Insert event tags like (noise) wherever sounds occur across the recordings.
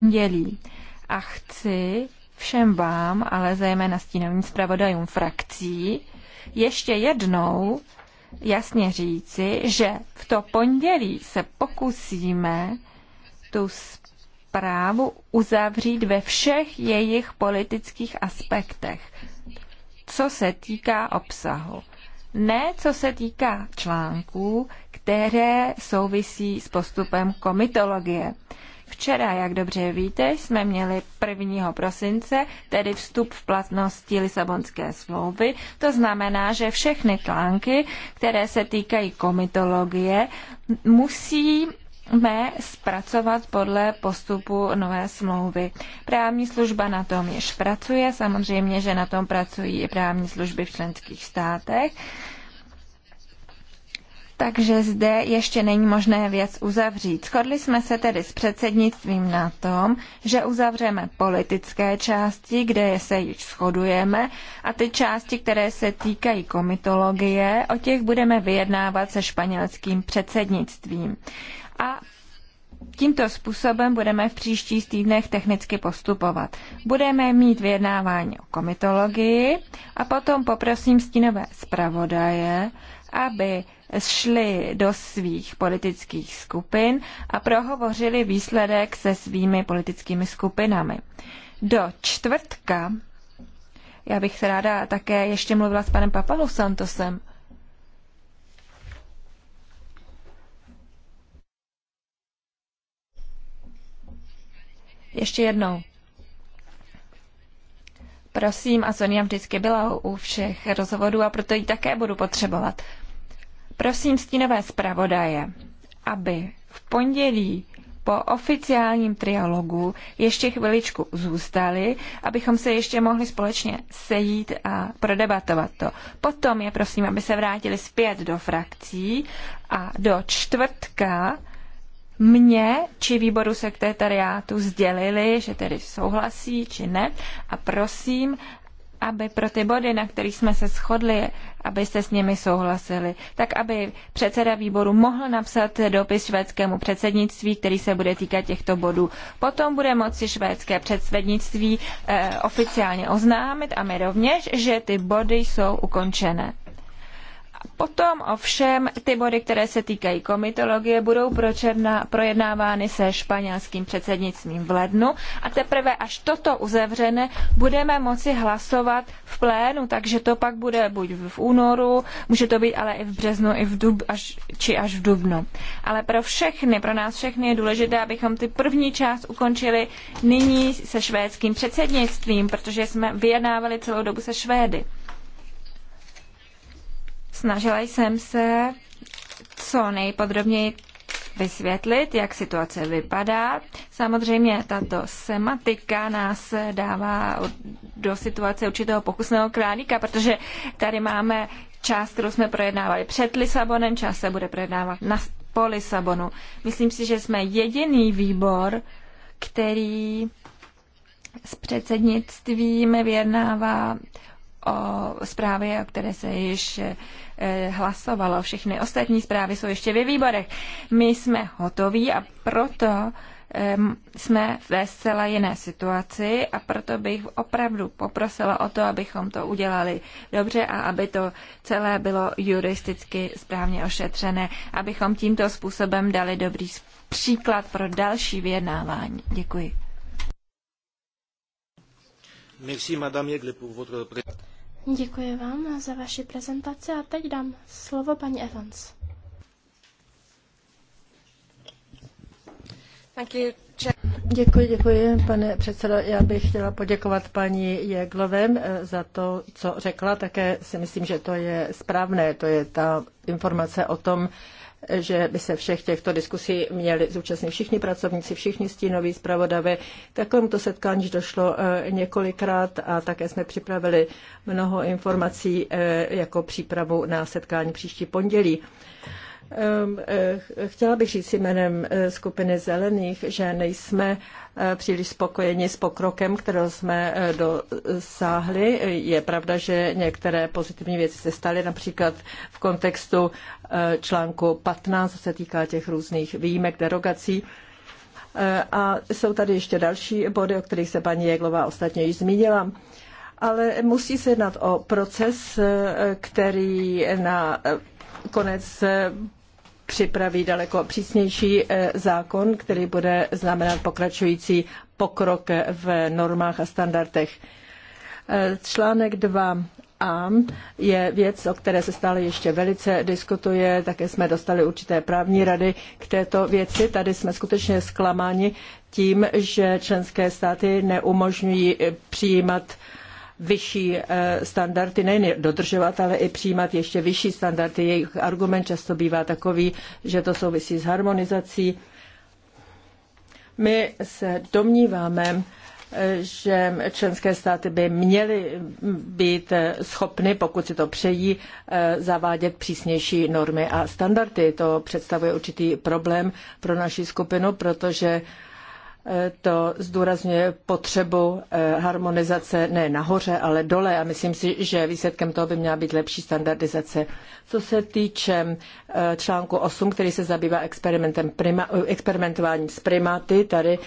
pondělí. A chci všem vám, ale zejména stínovým zpravodajům frakcí, ještě jednou jasně říci, že v to pondělí se pokusíme tu zprávu uzavřít ve všech jejich politických aspektech, co se týká obsahu. Ne co se týká článků, které souvisí s postupem komitologie. Včera, jak dobře víte, jsme měli 1. prosince, tedy vstup v platnosti Lisabonské smlouvy. To znamená, že všechny články, které se týkají komitologie, musí mé zpracovat podle postupu nové smlouvy. Právní služba na tom již pracuje, samozřejmě, že na tom pracují i právní služby v členských státech takže zde ještě není možné věc uzavřít. Shodli jsme se tedy s předsednictvím na tom, že uzavřeme politické části, kde se již shodujeme, a ty části, které se týkají komitologie, o těch budeme vyjednávat se španělským předsednictvím. A Tímto způsobem budeme v příštích týdnech technicky postupovat. Budeme mít vyjednávání o komitologii a potom poprosím stínové zpravodaje, aby šli do svých politických skupin a prohovořili výsledek se svými politickými skupinami. Do čtvrtka, já bych se ráda také ještě mluvila s panem Papalou Santosem, Ještě jednou. Prosím, a Sonia vždycky byla u všech rozhovorů a proto ji také budu potřebovat. Prosím stínové zpravodaje, aby v pondělí po oficiálním trialogu ještě chviličku zůstali, abychom se ještě mohli společně sejít a prodebatovat to. Potom je prosím, aby se vrátili zpět do frakcí a do čtvrtka mě či výboru sekretariátu sdělili, že tedy souhlasí či ne a prosím, aby pro ty body, na kterých jsme se shodli, abyste s nimi souhlasili, tak aby předseda výboru mohl napsat dopis švédskému předsednictví, který se bude týkat těchto bodů. Potom bude moci švédské předsednictví eh, oficiálně oznámit a my rovněž, že ty body jsou ukončené. Potom ovšem ty body, které se týkají komitologie, budou pročerna, projednávány se španělským předsednictvím v lednu a teprve až toto uzavřené budeme moci hlasovat v plénu, takže to pak bude buď v únoru, může to být ale i v březnu, i v dub, až, či až v dubnu. Ale pro všechny, pro nás všechny je důležité, abychom ty první část ukončili nyní se švédským předsednictvím, protože jsme vyjednávali celou dobu se Švédy. Snažila jsem se co nejpodrobněji vysvětlit, jak situace vypadá. Samozřejmě tato sematika nás dává do situace určitého pokusného králíka, protože tady máme část, kterou jsme projednávali před Lisabonem, část se bude projednávat na, po Lisabonu. Myslím si, že jsme jediný výbor, který s předsednictvím vyjednává o zprávě, o které se již eh, hlasovalo. Všechny ostatní zprávy jsou ještě ve výborech. My jsme hotoví a proto jsme ve zcela jiné situaci a proto bych opravdu poprosila o to, abychom to udělali dobře a aby to celé bylo juristicky správně ošetřené, abychom tímto způsobem dali dobrý příklad pro další vyjednávání. Děkuji. Merci, madame Děkuji vám za vaši prezentaci a teď dám slovo paní Evans. Děkuji, děkuji, pane předsedo. Já bych chtěla poděkovat paní Jeglové eh, za to, co řekla. Také si myslím, že to je správné. To je ta informace o tom, že by se všech těchto diskusí měli zúčastnit všichni pracovníci, všichni stínoví zpravodavy. K takovémuto setkání došlo eh, několikrát a také jsme připravili mnoho informací eh, jako přípravu na setkání příští pondělí. Ehm, eh, chtěla bych říct jménem eh, skupiny zelených, že nejsme eh, příliš spokojeni s pokrokem, kterého jsme dosáhli. Je pravda, že některé pozitivní věci se staly, například v kontextu článku 15, co se týká těch různých výjimek, derogací. A jsou tady ještě další body, o kterých se paní Jeglová ostatně již zmínila ale musí se jednat o proces, který na konec připraví daleko přísnější eh, zákon, který bude znamenat pokračující pokrok v normách a standardech. Eh, článek 2a je věc, o které se stále ještě velice diskutuje. Také jsme dostali určité právní rady k této věci. Tady jsme skutečně zklamáni tím, že členské státy neumožňují eh, přijímat uh, vyšší eh, standardy, nejen dodržovat, ale i přijímat ještě vyšší standardy. Jejich argument často bývá takový, že to souvisí s harmonizací. My se domníváme, eh, že členské státy by měly být eh, schopny, pokud si to přejí, zavádět přísnější normy a standardy. To představuje určitý problém pro naši skupinu, protože to zdůrazňuje potřebu eh, harmonizace ne nahoře, ale dole a myslím si, že výsledkem toho by měla být lepší standardizace. Co se týče eh, článku 8, který se zabývá experimentem prima, experimentováním s primáty, tady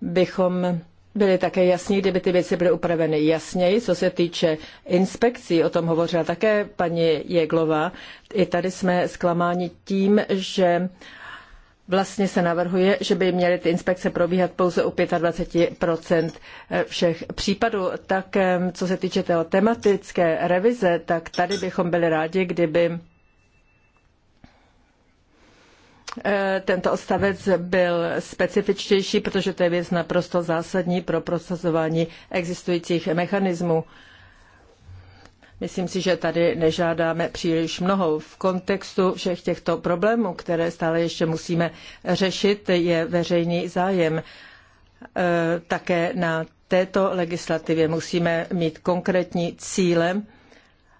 bychom byly také jasní, kdyby ty věci byly upraveny jasněji. Co se týče inspekcí, o tom hovořila také paní Jeglová, i tady jsme zklamáni tím, že vlastně se navrhuje, že by měly ty inspekce probíhat pouze u 25 eh, všech případů. Tak co se týče té tematické revize, tak tady bychom byli rádi, kdyby eh, tento odstavec byl specifičtější, protože to je věc naprosto zásadní pro prosazování existujících mechanismů. Myslím si, že tady nežádáme příliš mnoho. V kontextu všech těchto problémů, které stále ještě musíme řešit, je veřejný zájem. E, také na této legislativě musíme mít konkrétní cíle,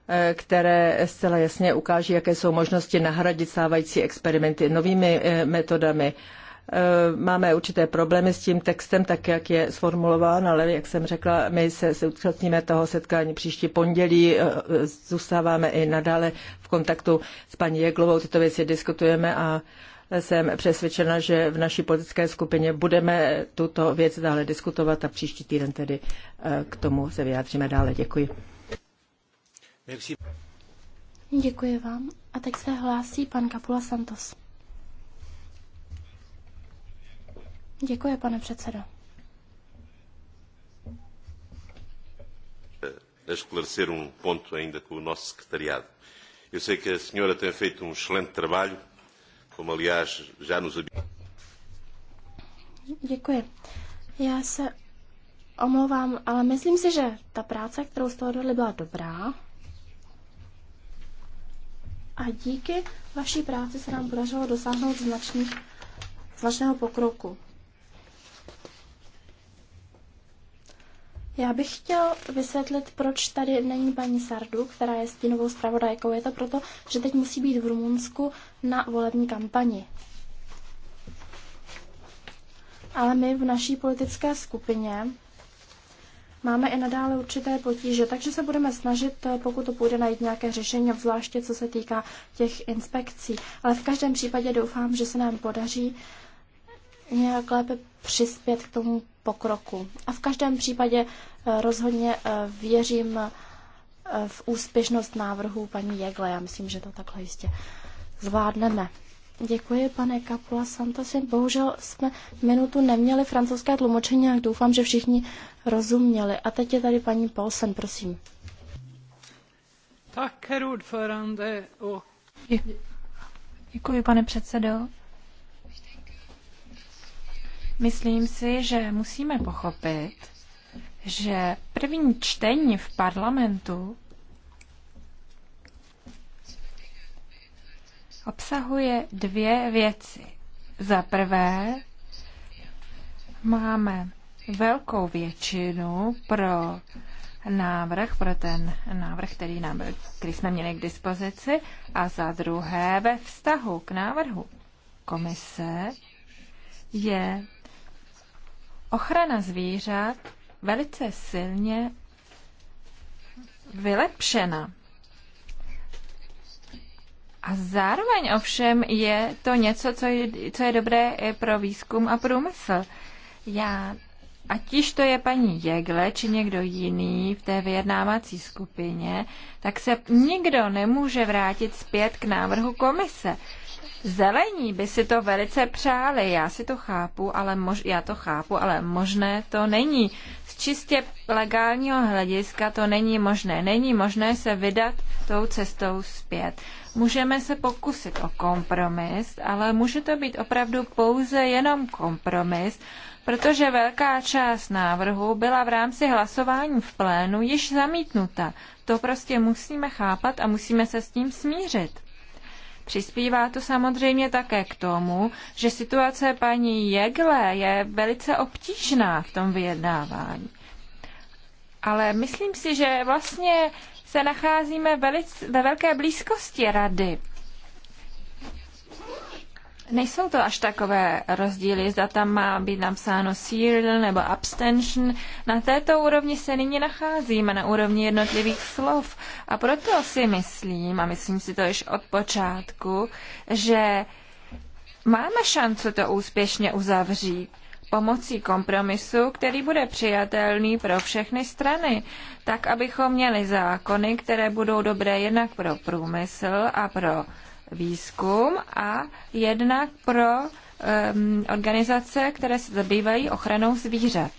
e, které zcela jasně ukáží, jaké jsou možnosti nahradit stávající experimenty novými e, metodami. Eh, máme určité problémy s tím textem, tak jak je sformulován, ale jak jsem řekla, my se zúčastníme toho setkání příští pondělí, eh, zůstáváme i nadále v kontaktu s paní Jeglovou, tyto věci diskutujeme a jsem přesvědčena, že v naší politické skupině budeme tuto věc dále diskutovat a příští týden tedy eh, k tomu se vyjádříme dále. Děkuji. Děkuji vám. A teď se hlásí pan Kapula Santos. Děkuji, pane předsedo. Eh, esclarecer um ponto ainda com o nosso secretariado. Eu sei que a senhora tem feito um excelente trabalho, como aliás já nos habituou. Děkuji. Já se omlouvám, ale myslím si, že ta práce, kterou jste odvedli, byla dobrá. A díky vaší práci se nám podařilo dosáhnout značných, značného pokroku. Já bych chtěl vysvětlit, proč tady není paní Sardu, která je stínovou zpravodajkou. Je to proto, že teď musí být v Rumunsku na volební kampani. Ale my v naší politické skupině máme i nadále určité potíže, takže se budeme snažit, pokud to půjde, najít nějaké řešení, zvláště co se týká těch inspekcí. Ale v každém případě doufám, že se nám podaří uh, nějak lépe přispět k tomu pokroku. A v každém případě eh, rozhodně eh, věřím eh, v úspěšnost návrhu paní Jegle. Já myslím, že to takhle jistě zvládneme. Děkuji, pane Kapula Santosin. Bohužel jsme minutu neměli francouzské tlumočení, jak doufám, že všichni rozuměli. A teď je tady paní Paulsen, prosím. Tak, herr Děkuji, pane předsedo. Myslím si, že musíme pochopit, že první čtení v parlamentu obsahuje dvě věci. Za prvé, máme velkou většinu pro návrh, pro ten návrh, který, nám byl, který jsme měli k dispozici, a za druhé ve vztahu k návrhu komise je ochrana zvířat velice silně vylepšena. A zároveň ovšem je to něco, co je, co je dobré i pro výzkum a průmysl. Já, ať již to je paní Jegle či někdo jiný v té vyjednávací skupině, tak se nikdo nemůže vrátit zpět k návrhu komise. Zelení by si to velice přáli, já si to chápu, ale mož, já to chápu, ale možné to není. Z čistě legálního hlediska to není možné. Není možné se vydat tou cestou zpět. Můžeme se pokusit o kompromis, ale může to být opravdu pouze jenom kompromis, protože velká část návrhu byla v rámci hlasování v plénu již zamítnuta. To prostě musíme chápat a musíme se s tím smířit. Přispívá to samozřejmě také k tomu, že situace paní Jegle je velice obtížná v tom vyjednávání. Ale myslím si, že vlastně se nacházíme velice, ve velké blízkosti rady Nejsou to až takové rozdíly, zda tam má být napsáno serial nebo abstention. Na této úrovni se nyní nacházíme, na úrovni jednotlivých slov. A proto si myslím, a myslím si to již od počátku, že máme šanci to úspěšně uzavřít pomocí kompromisu, který bude přijatelný pro všechny strany, tak abychom měli zákony, které budou dobré jednak pro průmysl a pro výzkum a jednak pro um, organizace, které se zabývají ochranou zvířat.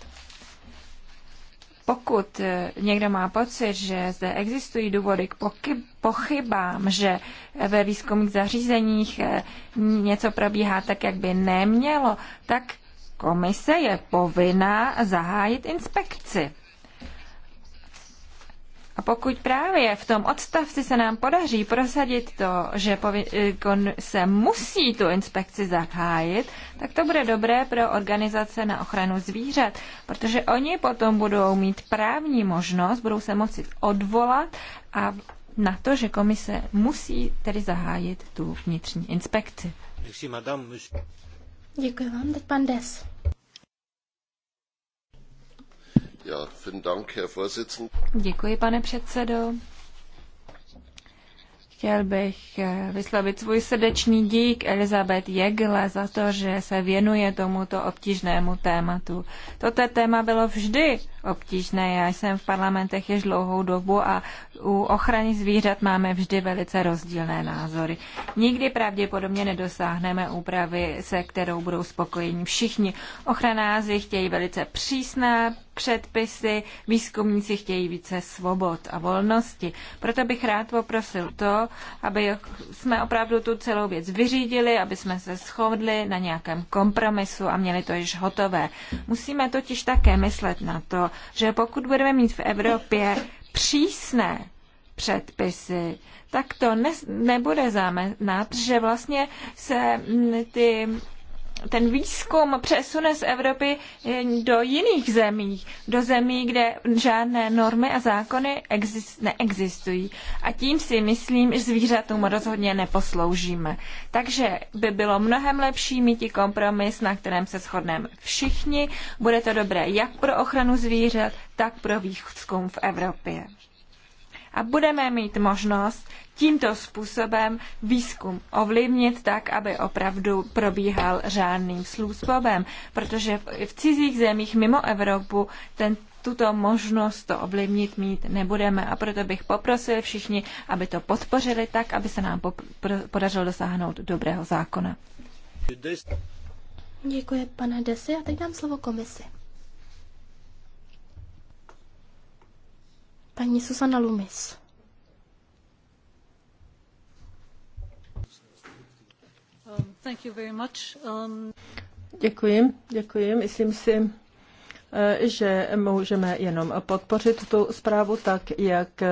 Pokud eh, někdo má pocit, že zde existují důvody k pochybám, že ve výzkumných zařízeních eh, něco probíhá tak, jak by nemělo, tak komise je povinná zahájit inspekci. A pokud právě v tom odstavci se nám podaří prosadit to, že se musí tu inspekci zahájit, tak to bude dobré pro organizace na ochranu zvířat, protože oni potom budou mít právní možnost, budou se moci odvolat a na to, že komise musí tedy zahájit tu vnitřní inspekci. Děkuji vám, teď pan Des. Děkuji, pane předsedo. Chtěl bych eh, vyslovit svůj srdečný dík Elizabeth Jegle za to, že se věnuje tomuto obtížnému tématu. Toto téma bylo vždy obtížné. Já jsem v parlamentech již dlouhou dobu a u ochrany zvířat máme vždy velice rozdílné názory. Nikdy pravděpodobně nedosáhneme úpravy, se kterou budou spokojeni všichni. Ochranáři chtějí velice přísná předpisy, výzkumníci chtějí více svobod a volnosti. Proto bych rád poprosil to, aby jsme opravdu tu celou věc vyřídili, aby jsme se shodli na nějakém kompromisu a měli to již hotové. Musíme totiž také myslet na to, že pokud budeme mít v Evropě přísné předpisy, tak to ne, nebude znamenat, že vlastně se mm, ty ten výzkum přesune z Evropy eh, do jiných zemí, do zemí, kde žádné normy a zákony exist, neexistují. A tím si myslím, že zvířatům rozhodně neposloužíme. Takže by bylo mnohem lepší mít i kompromis, na kterém se shodneme všichni. Bude to dobré jak pro ochranu zvířat, tak pro výzkum v Evropě a budeme mít možnost tímto způsobem výzkum ovlivnit tak, aby opravdu probíhal řádným způsobem, protože v cizích zemích mimo Evropu ten, tuto možnost to ovlivnit mít nebudeme a proto bych poprosil všichni, aby to podpořili tak, aby se nám podařilo dosáhnout dobrého zákona. Děkuji, pane Desi, a teď dám slovo komisi. Paní Susana Lumis. Um, thank you very much. Um... Děkuji, děkuji. Myslím si, Eh, že můžeme jenom podpořit tu zprávu tak, jak eh,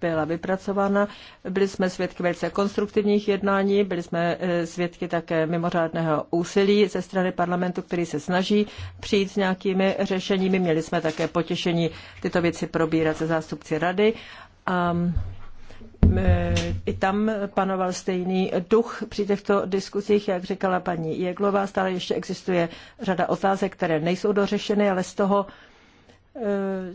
byla vypracována. Byli jsme svědky velice konstruktivních jednání, byli jsme eh, svědky také mimořádného úsilí ze strany parlamentu, který se snaží přijít s nějakými řešeními. Měli jsme také potěšení tyto věci probírat se zástupci rady. Um, Eh, i tam panoval stejný duch při těchto diskusích, jak říkala paní Jeglová. Stále ještě existuje řada otázek, které nejsou dořešeny, ale z toho, eh,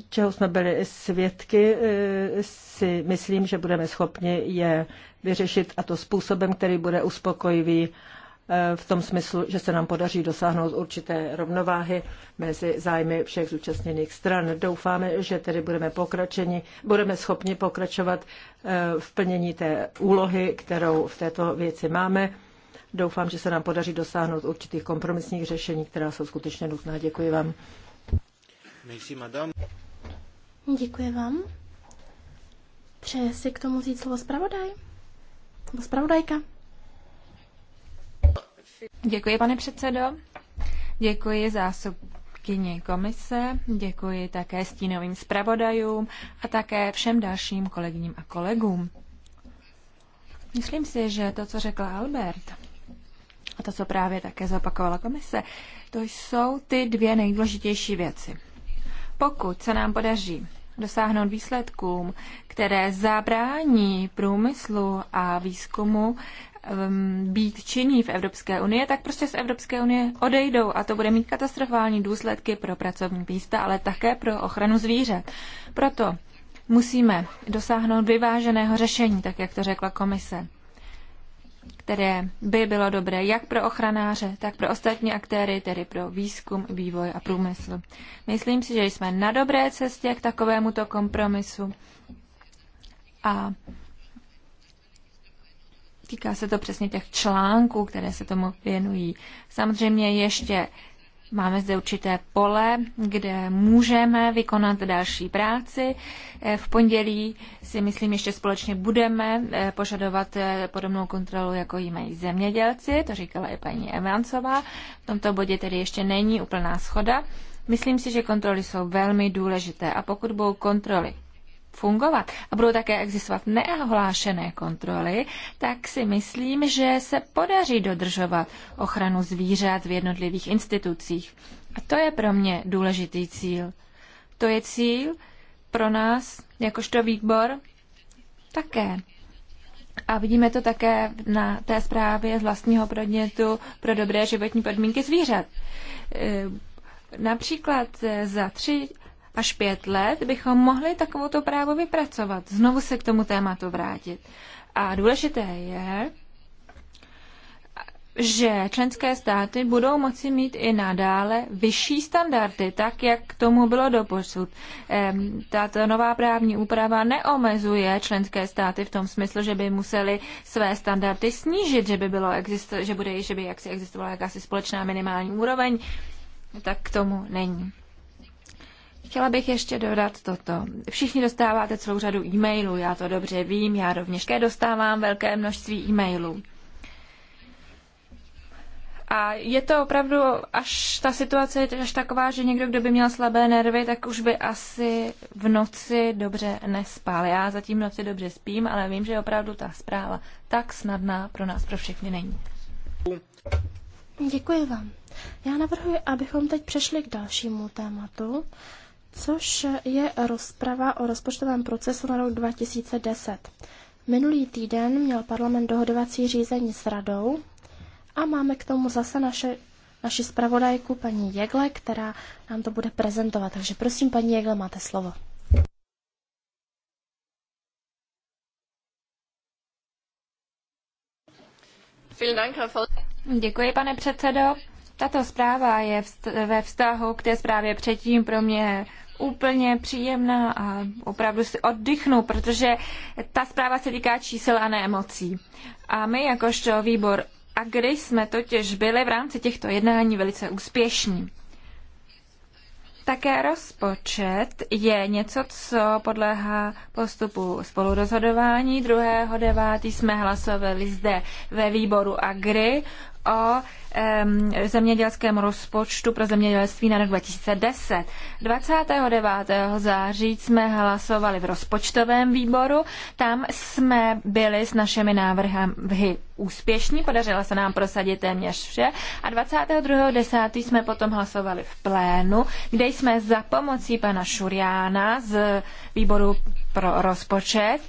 čeho jsme byli svědky, eh, si myslím, že budeme schopni je vyřešit a to způsobem, který bude uspokojivý v tom smyslu, že se nám podaří dosáhnout určité rovnováhy mezi zájmy všech zúčastněných stran. Doufáme, že tedy budeme, pokračeni, budeme schopni pokračovat eh, v plnění té úlohy, kterou v této věci máme. Doufám, že se nám podaří dosáhnout určitých kompromisních řešení, která jsou skutečně nutná. Děkuji vám. Merci, madame. Děkuji vám. Přeje si k tomu slovo zpravodaj? Nebo Děkuji, pane předsedo. Děkuji zásobkyni komise, děkuji také stínovým zpravodajům a také všem dalším kolegyním a kolegům. Myslím si, že to, co řekl Albert, a to, co právě také zopakovala komise, to jsou ty dvě nejdůležitější věci. Pokud se nám podaří dosáhnout výsledkům, které zabrání průmyslu a výzkumu, Um, být činní v Evropské unii, tak prostě z Evropské unie odejdou a to bude mít katastrofální důsledky pro pracovní místa, ale také pro ochranu zvířat. Proto musíme dosáhnout vyváženého řešení, tak jak to řekla komise, které by bylo dobré jak pro ochranáře, tak pro ostatní aktéry, tedy pro výzkum, vývoj a průmysl. Myslím si, že jsme na dobré cestě k takovémuto kompromisu a Týká se to přesně těch článků, které se tomu věnují. Samozřejmě ještě Máme zde určité pole, kde můžeme vykonat další práci. Eh, v pondělí si myslím, ještě společně budeme eh, požadovat eh, podobnou kontrolu, jako ji mají zemědělci, to říkala i paní Evancová. V tomto bodě tedy ještě není úplná schoda. Myslím si, že kontroly jsou velmi důležité a pokud budou kontroly fungovat a budou také existovat neohlášené kontroly, tak si myslím, že se podaří dodržovat ochranu zvířat v jednotlivých institucích. A to je pro mě důležitý cíl. To je cíl pro nás, jakožto výbor, také. A vidíme to také na té zprávě z vlastního podnětu pro dobré životní podmínky zvířat. E, například za tři až pět let bychom mohli takovouto právo vypracovat. Znovu se k tomu tématu vrátit. A důležité je, že členské státy budou moci mít i nadále vyšší standardy, tak jak k tomu bylo doposud. Tato nová právní úprava neomezuje členské státy v tom smyslu, že by museli své standardy snížit, že by, bylo že bude, že by jaksi existovala jakási společná minimální úroveň, tak k tomu není. Chtěla bych ještě dodat toto. Všichni dostáváte celou řadu e-mailů, já to dobře vím, já rovněž také dostávám velké množství e-mailů. A je to opravdu, až ta situace je až taková, že někdo, kdo by měl slabé nervy, tak už by asi v noci dobře nespal. Já zatím v noci dobře spím, ale vím, že opravdu ta zpráva tak snadná pro nás, pro všechny není. Děkuji vám. Já navrhuji, abychom teď přešli k dalšímu tématu, což je rozprava o rozpočtovém procesu na rok 2010. Minulý týden měl parlament dohodovací řízení s radou a máme k tomu zase naše, naši zpravodajku paní Jegle, která nám to bude prezentovat. Takže prosím, paní Jegle, máte slovo. Děkuji, pane předsedo. Tato zpráva je ve vztahu k té zprávě předtím pro mě úplně příjemná a opravdu si oddychnu, protože ta zpráva se týká čísel a ne emocí. A my jakožto výbor a když jsme totiž byli v rámci těchto jednání velice úspěšní. Také rozpočet je něco, co podléhá postupu spolurozhodování. 2.9. jsme hlasovali zde ve výboru Agri o zemědělském rozpočtu pro zemědělství na rok 2010. 29. září jsme hlasovali v rozpočtovém výboru. Tam jsme byli s našimi návrhy úspěšní, podařilo se nám prosadit téměř vše. A 22.10. jsme potom hlasovali v plénu, kde jsme za pomocí pana Šuriána z výboru pro rozpočet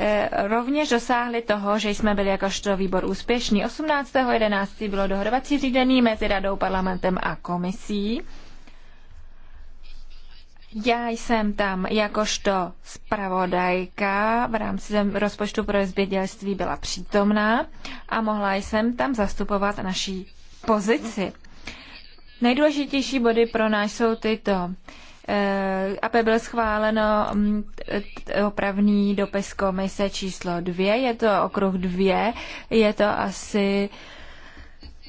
Eh, rovněž dosáhli toho, že jsme byli jakožto výbor úspěšní. 18.11. bylo dohodovací řízení mezi radou, parlamentem a komisí. Já jsem tam jakožto zpravodajka v rámci rozpočtu pro zbědělství byla přítomná a mohla jsem tam zastupovat naší pozici. Nejdůležitější body pro nás jsou tyto. Eh, aby byl schváleno mm, opravný dopis komise číslo dvě je to okruh dvě je to asi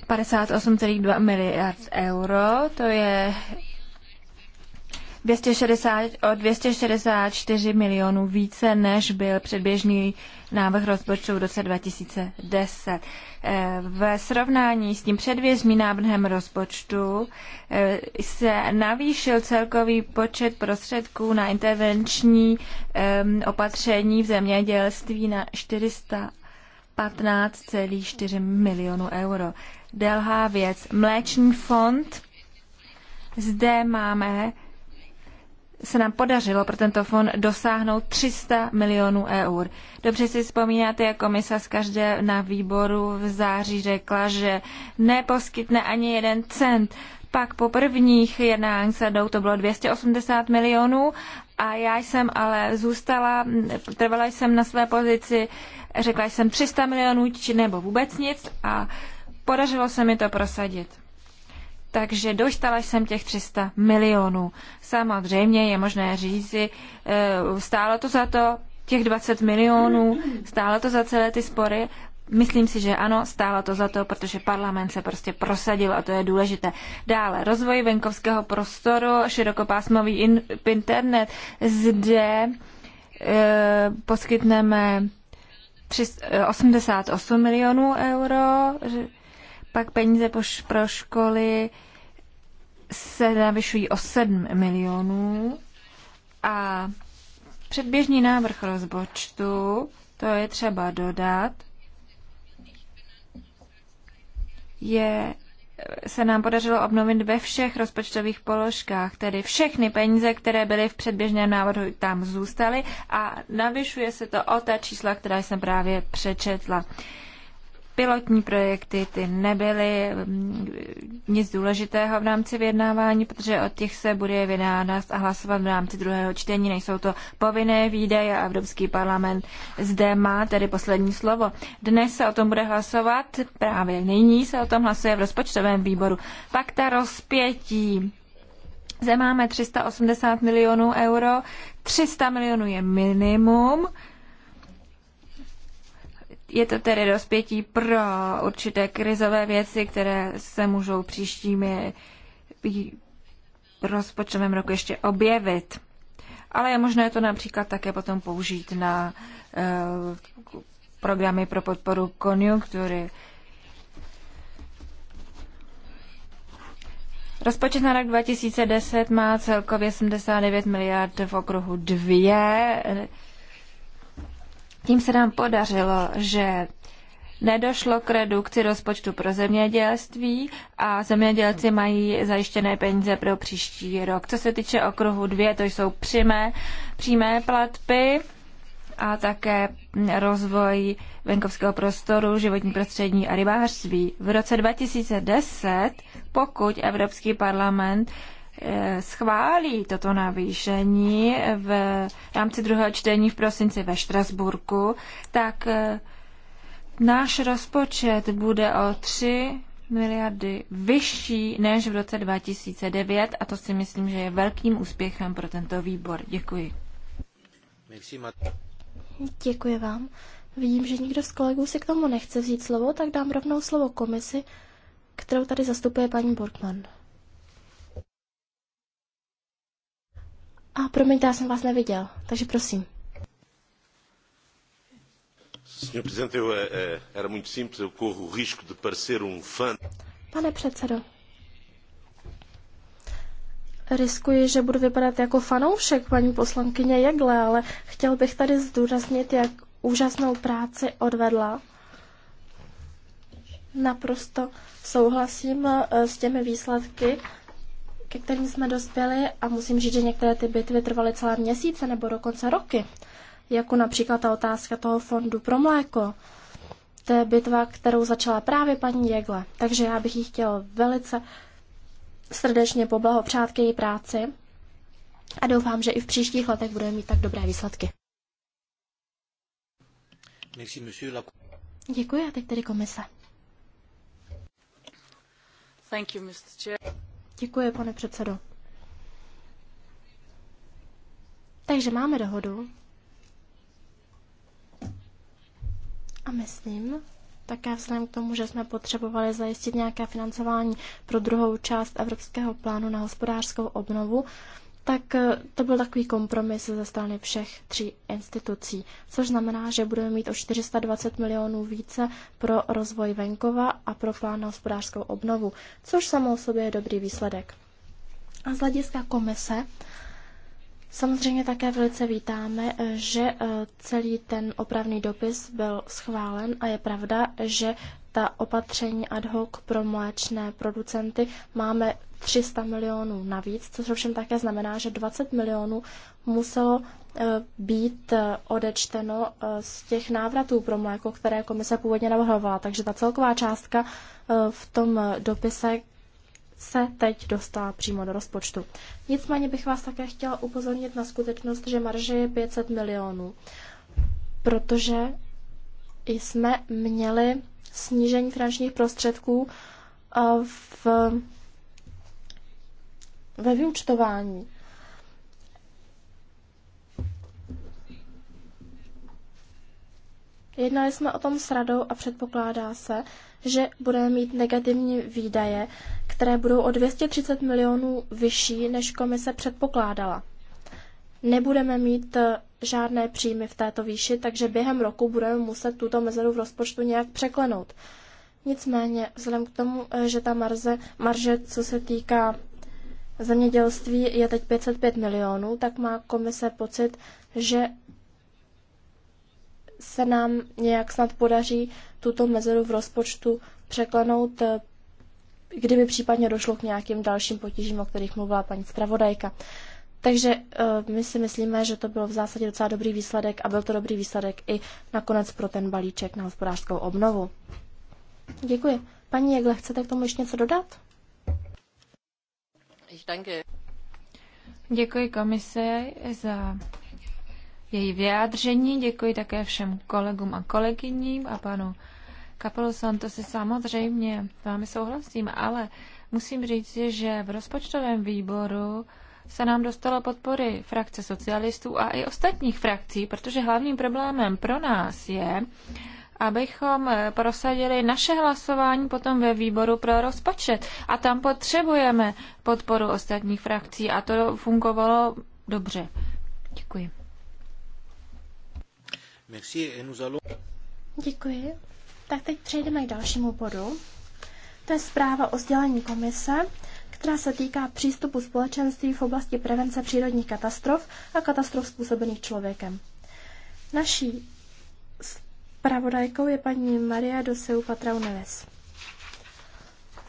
58,2 miliard euro, to je 260, o 264 milionů více, než byl předběžný návrh rozpočtu v roce 2010. Eh, Ve srovnání s tím předběžným návrhem rozpočtu eh, se navýšil celkový počet prostředků na intervenční ehm, opatření v zemědělství na 415,4 milionů euro. Delhá věc. Mléčný fond. Zde máme se nám podařilo pro tento fond dosáhnout 300 milionů eur. Dobře si vzpomínáte, jak komisař každé na výboru v září řekla, že neposkytne ani jeden cent. Pak po prvních jednáních s radou to bylo 280 milionů a já jsem ale zůstala, trvala jsem na své pozici, řekla jsem 300 milionů či nebo vůbec nic a podařilo se mi to prosadit takže dostala jsem těch 300 milionů. Samozřejmě je možné říci, eh, stálo to za to těch 20 milionů, stálo to za celé ty spory, Myslím si, že ano, stálo to za to, protože parlament se prostě prosadil a to je důležité. Dále, rozvoj venkovského prostoru, širokopásmový in, internet. Zde e, poskytneme 388 eh, milionů euro, pak peníze pro školy se navyšují o 7 milionů a předběžný návrh rozpočtu, to je třeba dodat, je, se nám podařilo obnovit ve všech rozpočtových položkách, tedy všechny peníze, které byly v předběžném návrhu, tam zůstaly a navyšuje se to o ta čísla, která jsem právě přečetla. Uh, pilotní projekty, ty nebyly mm, nic důležitého v rámci vyjednávání, protože od těch se bude vynádat a hlasovat v rámci druhého čtení. Nejsou to povinné výdaje a Evropský parlament zde má tedy poslední slovo. Dnes se o tom bude hlasovat, právě nyní se o tom hlasuje v rozpočtovém výboru. Fakta rozpětí. Zde máme 380 milionů euro, 300 milionů je minimum, je to tedy rozpětí pro určité krizové věci, které se můžou příštími rozpočtovém roku ještě objevit. Ale je možné to například také potom použít na uh, programy pro podporu konjunktury. Rozpočet na rok 2010 má celkově 79 miliard v okruhu 2 tím se nám podařilo, že nedošlo k redukci rozpočtu pro zemědělství a zemědělci mají zajištěné peníze pro příští rok. Co se týče okruhu dvě, to jsou přímé, přímé platby a také rozvoj venkovského prostoru, životní prostředí a rybářství. V roce 2010, pokud Evropský parlament Eh, schválí toto navýšení v rámci druhého čtení v prosinci ve Štrasburku, tak eh, náš rozpočet bude o 3 miliardy vyšší než v roce 2009 a to si myslím, že je velkým úspěchem pro tento výbor. Děkuji. Děkuji vám. Vidím, že nikdo z kolegů si k tomu nechce vzít slovo, tak dám rovnou slovo komisi, kterou tady zastupuje paní Borkman. A promiňte, já jsem vás neviděl, takže prosím. Senhor Presidente, eu, é, eh, é, eh, era muito simples, eu corro o risco de parecer um fã. Pane předsedo, riskuji, že budu vypadat jako fanoušek paní poslankyně Jegle, ale chtěl bych tady zdůraznit, jak úžasnou práci odvedla. Naprosto souhlasím eh, s těmi výsledky, ke kterým jsme dospěli a musím říct, že některé ty bitvy trvaly celé měsíce nebo dokonce roky, jako například ta otázka toho fondu pro mléko. To je bitva, kterou začala právě paní Jegle, takže já bych jí chtěl velice srdečně poblahopřát k její práci a doufám, že i v příštích letech budeme mít tak dobré výsledky. Děkuji a teď tedy komise. Thank you, Mr. Chair. Děkuji, pane předsedo. Takže máme dohodu. A myslím, také vzhledem k tomu, že jsme potřebovali zajistit nějaké financování pro druhou část Evropského plánu na hospodářskou obnovu, tak eh, to byl takový kompromis ze strany všech tří institucí, což znamená, že budeme mít o 420 milionů více pro rozvoj venkova a pro plán hospodářskou obnovu, což samou sobě je dobrý výsledek. A z hlediska komise samozřejmě také velice vítáme, eh, že eh, celý ten opravný dopis byl schválen a je pravda, že ta opatření ad hoc pro mléčné producenty máme 300 milionů navíc, což ovšem také znamená, že 20 milionů muselo eh, být eh, odečteno eh, z těch návratů pro mléko, které komise původně navrhovala. Takže ta celková částka v tom dopise se teď dostala přímo do rozpočtu. Nicméně bych vás také chtěla upozornit na skutečnost, že marže je 500 milionů, protože jsme měli snížení finančních prostředků v ve vyučtování. Jednali jsme o tom s radou a předpokládá se, že budeme mít negativní výdaje, které budou o 230 milionů vyšší, než komise předpokládala. Nebudeme mít eh, žádné příjmy v této výši, takže během roku budeme muset tuto mezeru v rozpočtu nějak překlenout. Nicméně, vzhledem k tomu, eh, že ta marze, marže, co se týká zemědělství je teď 505 milionů, tak má komise pocit, že se nám nějak snad podaří tuto mezeru v rozpočtu překlenout, kdyby případně došlo k nějakým dalším potížím, o kterých mluvila paní zpravodajka. Takže eh, my si myslíme, že to byl v zásadě docela dobrý výsledek a byl to dobrý výsledek i nakonec pro ten balíček na hospodářskou obnovu. Děkuji. Paní Jegle, chcete k tomu ještě něco dodat? Děkuji komisi za její vyjádření, děkuji také všem kolegům a kolegyním a panu Kapelu Santosi samozřejmě s vámi souhlasím, ale musím říct, že v rozpočtovém výboru se nám dostalo podpory frakce socialistů a i ostatních frakcí, protože hlavním problémem pro nás je, abychom prosadili naše hlasování potom ve výboru pro rozpočet. A tam potřebujeme podporu ostatních frakcí a to fungovalo dobře. Děkuji. Děkuji. Tak teď přejdeme k dalšímu bodu. To je zpráva o sdělení komise, která se týká přístupu společenství v oblasti prevence přírodních katastrof a katastrof způsobených člověkem. Naší Pravodajkou je paní Maria Doseu Patrau Neves.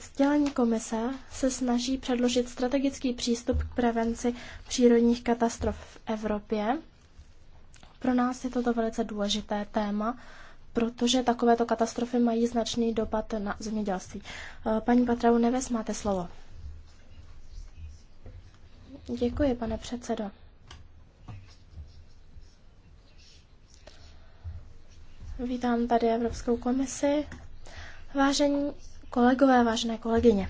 Sdělení komise se snaží předložit strategický přístup k prevenci přírodních katastrof v Evropě. Pro nás je toto velice důležité téma, protože takovéto katastrofy mají značný dopad na zemědělství. Eh, paní Patrau Neves, máte slovo. Děkuji, pane předsedo. Vítám tady Evropskou komisi. Vážení kolegové, vážené kolegyně.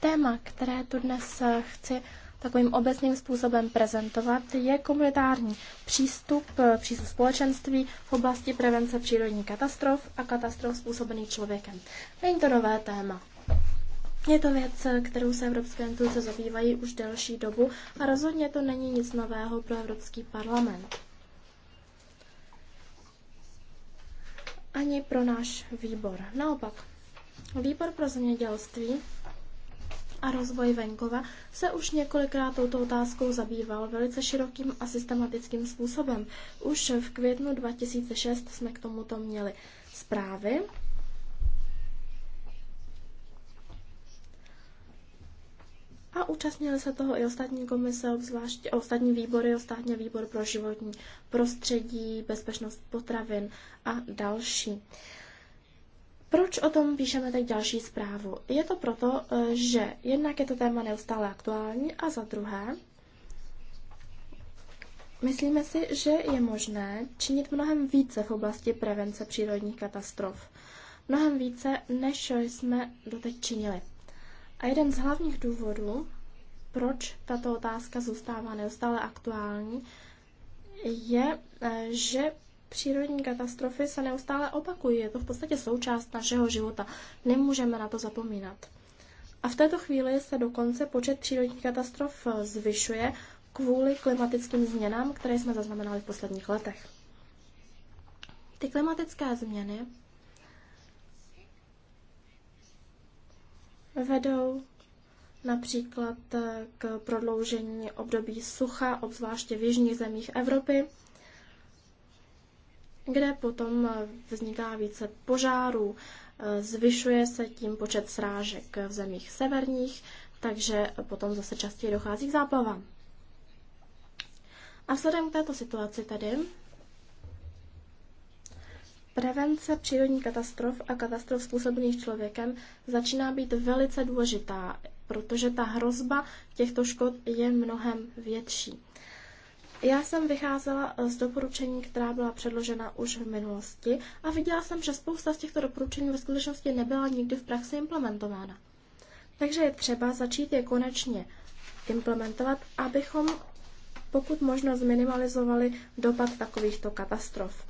Téma, které tu dnes chci takovým obecným způsobem prezentovat, je komunitární přístup, přístup společenství v oblasti prevence přírodních katastrof a katastrof způsobených člověkem. Není to nové téma. Je to věc, kterou se evropské instituce zabývají už delší dobu a rozhodně to není nic nového pro Evropský parlament. ani pro náš výbor. Naopak, výbor pro zemědělství a rozvoj venkova se už několikrát touto otázkou zabýval velice širokým a systematickým způsobem. Už v květnu 2006 jsme k tomuto měli zprávy a účastnili se toho i ostatní komise, obzvláště ostatní výbory, ostatní výbor pro životní prostředí, bezpečnost potravin a další. Proč o tom píšeme teď další zprávu? Je to proto, e, že jednak je to téma neustále aktuální a za druhé, myslíme si, že je možné činit mnohem více v oblasti prevence přírodních katastrof. Mnohem více, než jsme doteď činili. A jeden z hlavních důvodů, proč tato otázka zůstává neustále aktuální, je, eh, že přírodní katastrofy se neustále opakují. Je to v podstatě součást našeho života. Nemůžeme na to zapomínat. A v této chvíli se dokonce počet přírodních katastrof eh, zvyšuje kvůli klimatickým změnám, které jsme zaznamenali v posledních letech. Ty klimatické změny vedou například eh, k prodloužení období sucha, obzvláště v jižních zemích Evropy, kde potom eh, vzniká více požárů, eh, zvyšuje se tím počet srážek v zemích severních, takže potom zase častěji dochází k záplavám. A vzhledem k této situaci tedy Prevence přírodních katastrof a katastrof způsobených člověkem začíná být velice důležitá, protože ta hrozba těchto škod je mnohem větší. Já jsem vycházela z doporučení, která byla předložena už v minulosti a viděla jsem, že spousta z těchto doporučení ve skutečnosti nebyla nikdy v praxi implementována. Takže je třeba začít je konečně implementovat, abychom pokud možno zminimalizovali dopad takovýchto katastrof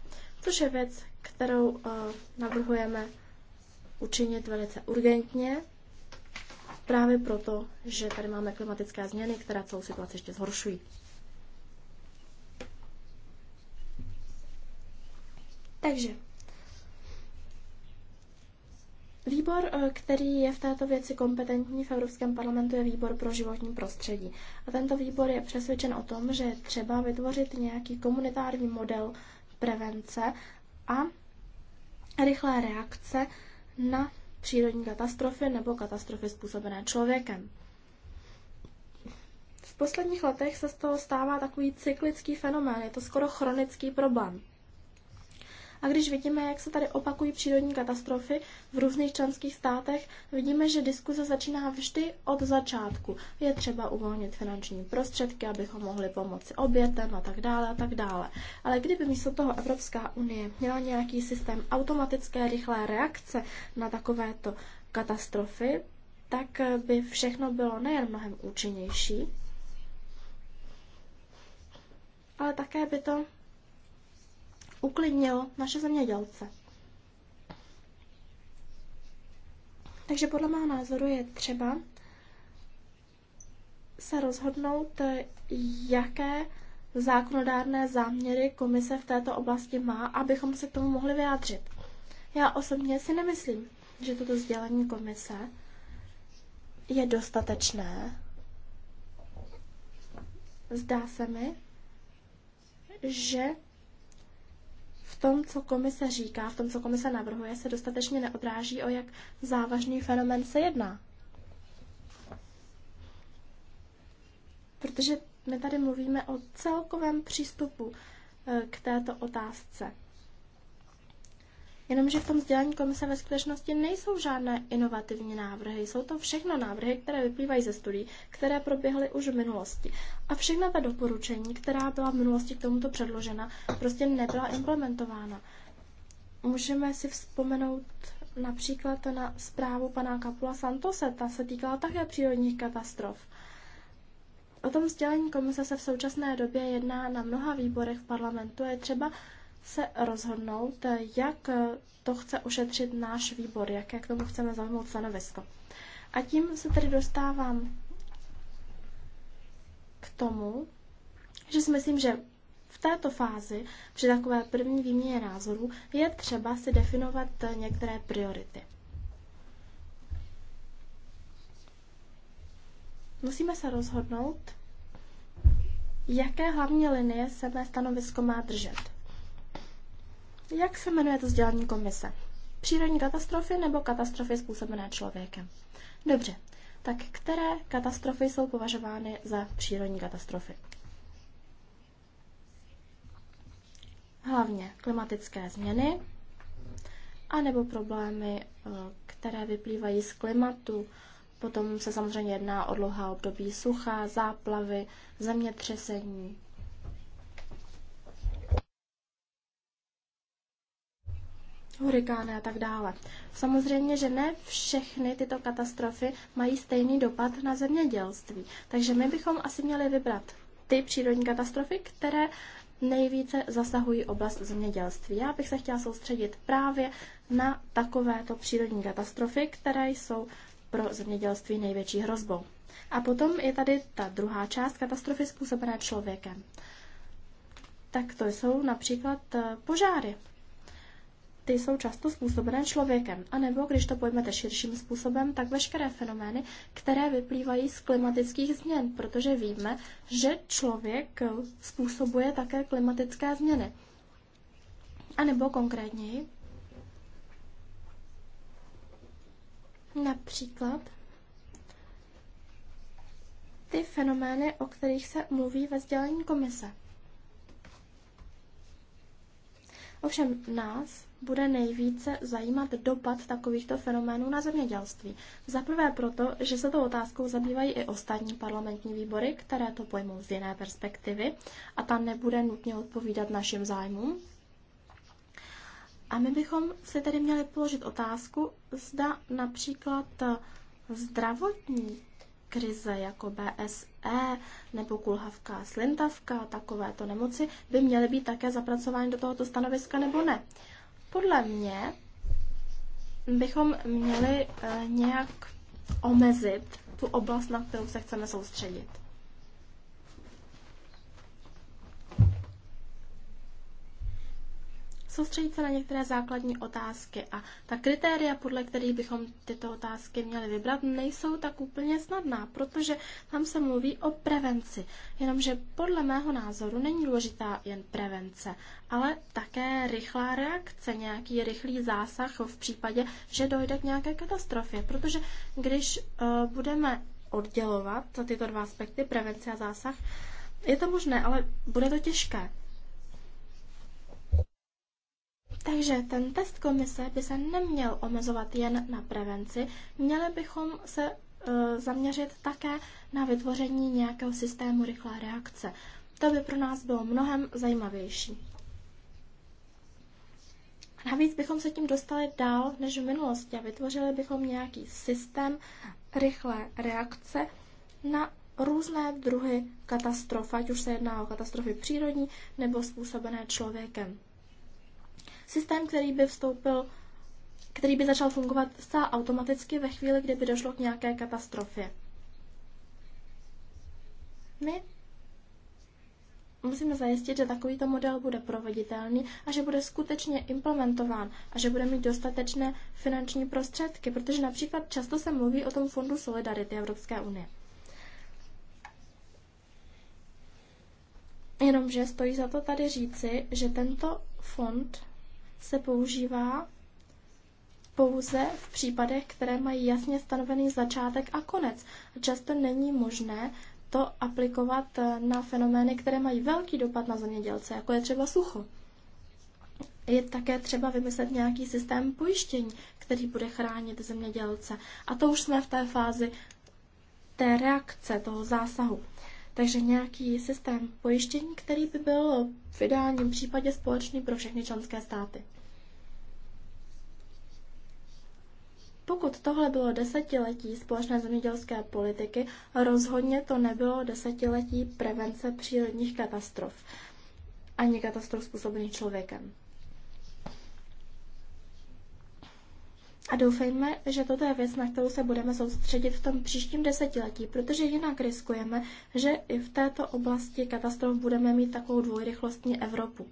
což je věc, kterou eh, navrhujeme učinit velice urgentně, právě proto, že tady máme klimatické změny, které celou situaci ještě zhoršují. Takže Výbor, eh, který je v této věci kompetentní v Evropském parlamentu, je výbor pro životní prostředí. A tento výbor je přesvědčen o tom, že je třeba vytvořit nějaký komunitární model prevence a rychlé reakce na přírodní katastrofy nebo katastrofy způsobené člověkem. V posledních letech se z toho stává takový cyklický fenomén, je to skoro chronický problém. A když vidíme, jak se tady opakují přírodní katastrofy v různých členských státech, vidíme, že diskuse začíná vždy od začátku. Je třeba uvolnit finanční prostředky, abychom mohli pomoci obětem a tak dále a tak dále. Ale kdyby místo toho Evropská unie měla nějaký systém automatické rychlé reakce na takovéto katastrofy, tak by všechno bylo nejen mnohem účinnější, ale také by to uklidnilo naše zemědělce. Takže podle mého názoru je třeba se rozhodnout, jaké zákonodárné záměry komise v této oblasti má, abychom se k tomu mohli vyjádřit. Já osobně si nemyslím, že toto sdělení komise je dostatečné. Zdá se mi, že v tom, co komise říká, v tom, co komise navrhuje, se dostatečně neodráží, o jak závažný fenomen se jedná. Protože my tady mluvíme o celkovém přístupu eh, k této otázce. Jenomže v tom vzdělání komise ve skutečnosti nejsou žádné inovativní návrhy. Jsou to všechno návrhy, které vyplývají ze studií, které proběhly už v minulosti. A všechna ta doporučení, která byla v minulosti k tomuto předložena, prostě nebyla implementována. Můžeme si vzpomenout například na zprávu pana Kapula Santose, ta se týkala také přírodních katastrof. O tom vzdělení komise se v současné době jedná na mnoha výborech v parlamentu a je třeba se rozhodnout, jak to chce ošetřit náš výbor, jaké k tomu chceme zaujmout stanovisko. A tím se tedy dostávám k tomu, že si myslím, že v této fázi, při takové první výměně názorů, je třeba si definovat některé priority. Musíme se rozhodnout, jaké hlavní linie se mé stanovisko má držet. Jak se jmenuje to vzdělání komise? Přírodní katastrofy nebo katastrofy způsobené člověkem? Dobře, tak které katastrofy jsou považovány za přírodní katastrofy? Hlavně klimatické změny, anebo problémy, eh, které vyplývají z klimatu. Potom se samozřejmě jedná o dlouhá období sucha, záplavy, zemětřesení, hurikány a tak dále. Samozřejmě, že ne všechny tyto katastrofy mají stejný dopad na zemědělství, takže my bychom asi měli vybrat ty přírodní katastrofy, které nejvíce zasahují oblast zemědělství. Já bych se chtěla soustředit právě na takovéto přírodní katastrofy, které jsou pro zemědělství největší hrozbou. A potom je tady ta druhá část katastrofy způsobené člověkem. Tak to jsou například eh, požáry ty jsou často způsobené člověkem. A nebo, když to pojmete širším způsobem, tak veškeré fenomény, které vyplývají z klimatických změn, protože víme, že člověk způsobuje také klimatické změny. A nebo konkrétněji, například ty fenomény, o kterých se mluví ve sdělení komise. Ovšem nás bude nejvíce zajímat dopad takovýchto fenoménů na zemědělství. Za prvé proto, že se tou otázkou zabývají i ostatní parlamentní výbory, které to pojmou z jiné perspektivy a ta nebude nutně odpovídat našim zájmům. A my bychom si tedy měli položit otázku, zda například zdravotní krize jako BSE nebo kulhavka slintavka, takovéto nemoci, by měly být také zapracovány do tohoto stanoviska nebo ne. Podle mě bychom měli eh, nějak omezit tu oblast, na kterou se chceme soustředit. soustředit se na některé základní otázky a ta kritéria, podle kterých bychom tyto otázky měli vybrat, nejsou tak úplně snadná, protože tam se mluví o prevenci. Jenomže podle mého názoru není důležitá jen prevence, ale také rychlá reakce, nějaký rychlý zásah v případě, že dojde k nějaké katastrofě, protože když uh, budeme oddělovat tyto dva aspekty, prevence a zásah, je to možné, ale bude to těžké. Takže ten test komise by se neměl omezovat jen na prevenci, měli bychom se e, zaměřit také na vytvoření nějakého systému rychlé reakce. To by pro nás bylo mnohem zajímavější. Navíc bychom se tím dostali dál než v minulosti a vytvořili bychom nějaký systém rychlé reakce na různé druhy katastrof, ať už se jedná o katastrofy přírodní nebo způsobené člověkem. Systém, který by vstoupil, který by začal fungovat zcela automaticky ve chvíli, kdy by došlo k nějaké katastrofě. My musíme zajistit, že takovýto model bude proveditelný a že bude skutečně implementován a že bude mít dostatečné finanční prostředky, protože například často se mluví o tom fondu Solidarity Evropské unie. Jenomže stojí za to tady říci, že tento fond se používá pouze v případech, které mají jasně stanovený začátek a konec. Často není možné to aplikovat eh, na fenomény, které mají velký dopad na zemědělce, jako je třeba sucho. Je také třeba vymyslet nějaký systém pojištění, který bude chránit zemědělce. A to už jsme v té fázi té reakce, toho zásahu. Takže nějaký systém pojištění, který by byl v ideálním případě společný pro všechny členské státy. Pokud tohle bylo desetiletí společné zemědělské politiky, rozhodně to nebylo desetiletí prevence přírodních katastrof ani katastrof způsobených člověkem. A doufejme, že toto je věc, na kterou se budeme soustředit v tom příštím desetiletí, protože jinak riskujeme, že i v této oblasti katastrof budeme mít takovou dvojrychlostní Evropu.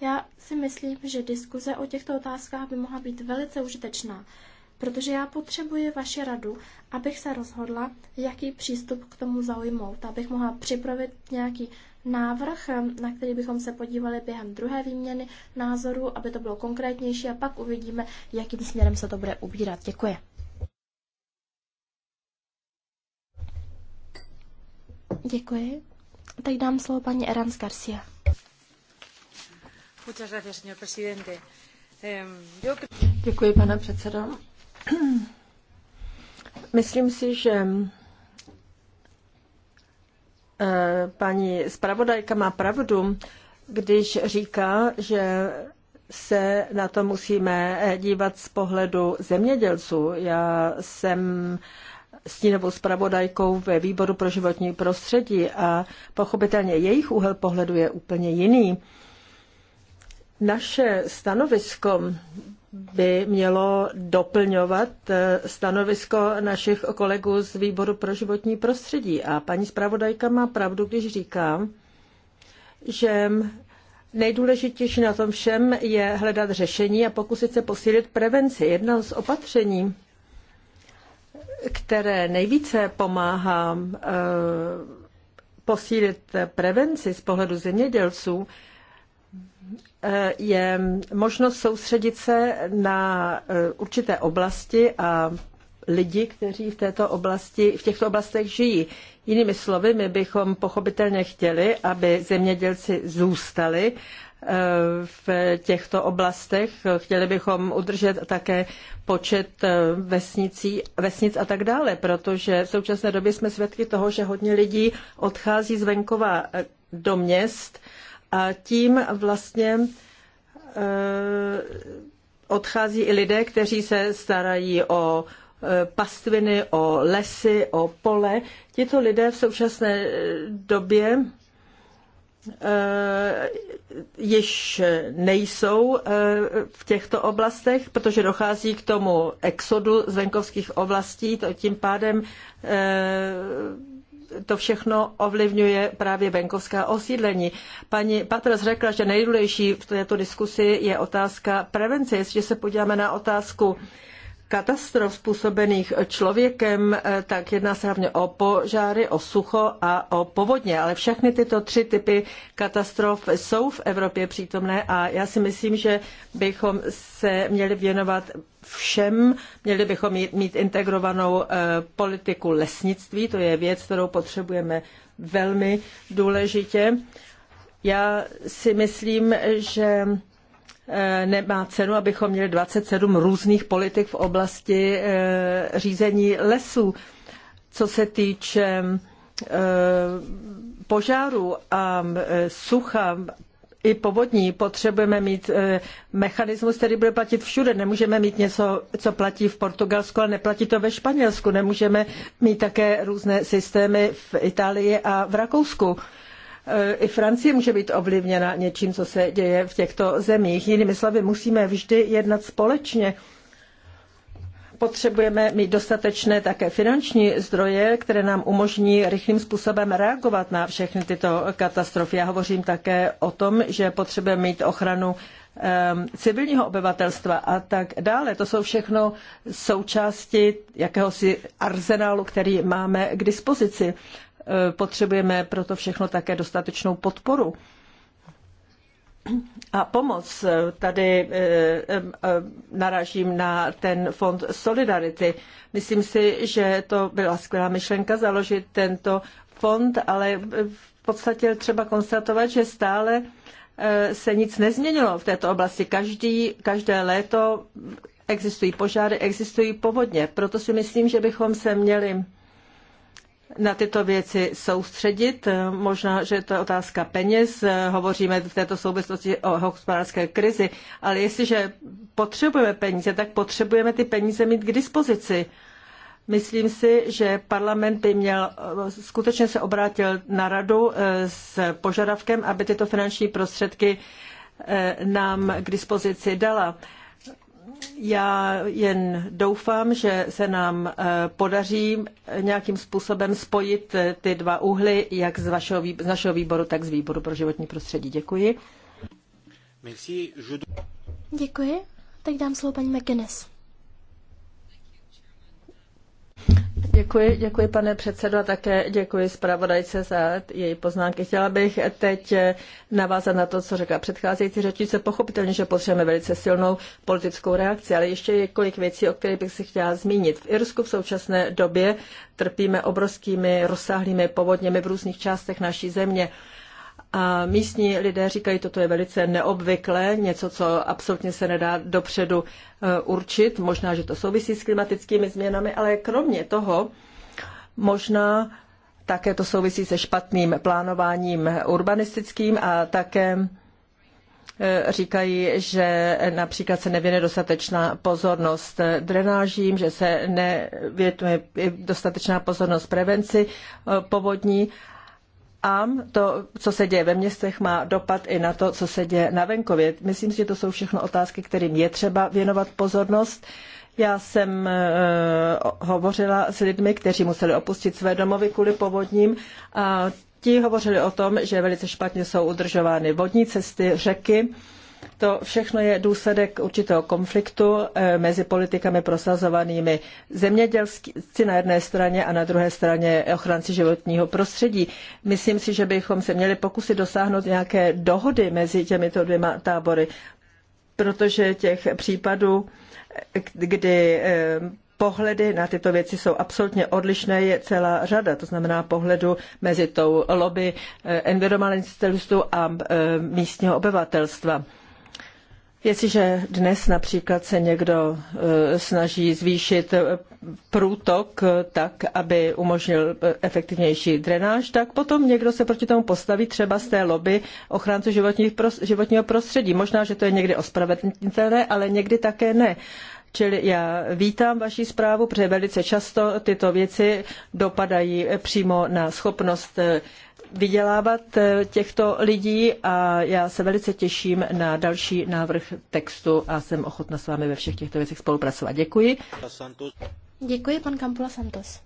Já si myslím, že diskuze o těchto otázkách by mohla být velice užitečná protože já potřebuji vaši radu, abych se rozhodla, jaký přístup k tomu zaujmout, abych mohla připravit nějaký návrh, na který bychom se podívali během druhé výměny názoru, aby to bylo konkrétnější a pak uvidíme, jakým směrem se to bude ubírat. Děkuji. Děkuji. Teď dám slovo paní Erans Garcia. Děkuji, pane předsedo. Myslím si, že eh, paní zpravodajka má pravdu, když říká, že se na to musíme eh, dívat z pohledu zemědělců. Já jsem stínovou zpravodajkou ve výboru pro životní prostředí a pochopitelně jejich úhel pohledu je úplně jiný. Naše stanovisko by mělo doplňovat eh, stanovisko našich kolegů z Výboru pro životní prostředí. A paní zpravodajka má pravdu, když říká, že nejdůležitější na tom všem je hledat řešení a pokusit se posílit prevenci. Jedna z opatření, které nejvíce pomáhá eh, posílit prevenci z pohledu zemědělců, Eh, je možnost soustředit se na eh, určité oblasti a lidi, kteří v, této oblasti, v těchto oblastech žijí. Jinými slovy, my bychom pochopitelně chtěli, aby zemědělci zůstali eh, v těchto oblastech. Chtěli bychom udržet také počet vesnicí, vesnic a tak dále, protože v současné době jsme svědky toho, že hodně lidí odchází z venkova do měst a tím vlastně e, odchází i lidé, kteří se starají o e, pastviny, o lesy, o pole. Tito lidé v současné e, době již nejsou v těchto oblastech, protože dochází k tomu exodu z venkovských oblastí, to tím pádem to všechno ovlivňuje právě venkovská osídlení. Paní Patras řekla, že nejdůležitější v této diskusi je otázka prevence. Jestliže se podíváme na otázku uh, katastrof způsobených člověkem, eh, tak jedná se hlavně o požáry, o sucho a o povodně. Ale všechny tyto tři typy katastrof jsou v Evropě přítomné a já si myslím, že bychom se měli věnovat všem, měli bychom mít integrovanou eh, politiku lesnictví, to je věc, kterou potřebujeme velmi důležitě. Já si myslím, že Eh, nemá cenu, abychom měli 27 různých politik v oblasti eh, řízení lesů. Co se týče eh, požáru a sucha, i povodní potřebujeme mít mechanismus, který bude platit všude. Nemůžeme mít něco, co platí v Portugalsku, ale neplatí to ve Španělsku. Nemůžeme mít také různé systémy v Itálii a v Rakousku. E, i Francie může být ovlivněna něčím, co se děje v těchto zemích. Jinými slovy, musíme vždy jednat společně. Potřebujeme mít dostatečné také finanční zdroje, které nám umožní rychlým způsobem reagovat na všechny tyto katastrofy. Já hovořím také o tom, že potřebujeme mít ochranu civilního obyvatelstva a tak dále. To jsou všechno součásti jakéhosi arzenálu, který máme k dispozici. Eh, potřebujeme pro to všechno také dostatečnou podporu. A pomoc, eh, tady eh, narážím na ten fond Solidarity. Myslím si, že to byla skvělá myšlenka založit tento fond, ale v podstatě třeba konstatovat, že stále se nic nezměnilo v této oblasti. Každý, každé léto existují požáry, existují povodně. Proto si myslím, že bychom se měli na tyto věci soustředit. Možná, že to je otázka peněz, hovoříme v této souvislosti o hospodářské krizi, ale jestliže potřebujeme peníze, tak potřebujeme ty peníze mít k dispozici. Myslím si, že parlament by měl skutečně se obrátil na radu eh, s požadavkem, aby tyto finanční prostředky eh, nám k dispozici dala já jen doufám, že se nám eh, podaří nějakým způsobem spojit eh, ty dva úhly, jak z, vašeho, z našeho výboru, tak z výboru pro životní prostředí. Děkuji. Děkuji. Teď dám slovo paní McGuinness. Děkuji, děkuji pane předsedo a také děkuji zpravodajce za její poznámky. Chtěla bych teď navázat na to, co řekla předcházející řečnice. Pochopitelně, že potřebujeme velice silnou politickou reakci, ale ještě je několik věcí, o kterých bych si chtěla zmínit. V Irsku v současné době trpíme obrovskými rozsáhlými povodněmi v různých částech naší země. A místní lidé říkají, toto je velice neobvyklé, něco, co absolutně se nedá dopředu eh, určit. Možná, že to souvisí s klimatickými změnami, ale kromě toho možná také to souvisí se špatným plánováním urbanistickým a také eh, říkají, že například se nevěne dostatečná pozornost drenážím, že se nevěnuje dostatečná pozornost prevenci eh, povodní a to, co se děje ve městech, má dopad i na to, co se děje na venkově. Myslím si, že to jsou všechno otázky, kterým je třeba věnovat pozornost. Já jsem e, hovořila s lidmi, kteří museli opustit své domovy kvůli povodním a ti hovořili o tom, že velice špatně jsou udržovány vodní cesty, řeky to všechno je důsledek určitého konfliktu eh, mezi politikami prosazovanými zemědělci na jedné straně a na druhé straně ochranci životního prostředí. Myslím si, že bychom se měli pokusit dosáhnout nějaké dohody mezi těmito dvěma tábory, protože těch případů, eh, kdy eh, pohledy na tyto věci jsou absolutně odlišné, je celá řada. To znamená pohledu mezi tou lobby environmentalistů a místního obyvatelstva. Jestliže dnes například se někdo e, snaží zvýšit e, průtok e, tak, aby umožnil efektivnější drenáž, tak potom někdo se proti tomu postaví třeba z té lobby ochránců životního prostředí. Možná, že to je někdy ospravedlnitelné, ale někdy také ne. Čili já vítám vaši zprávu, protože velice často tyto věci dopadají přímo na schopnost vydělávat eh, těchto lidí a já se velice těším na další návrh textu a jsem ochotna s vámi ve všech těchto věcech spolupracovat. Děkuji. Děkuji, pan Campula Santos.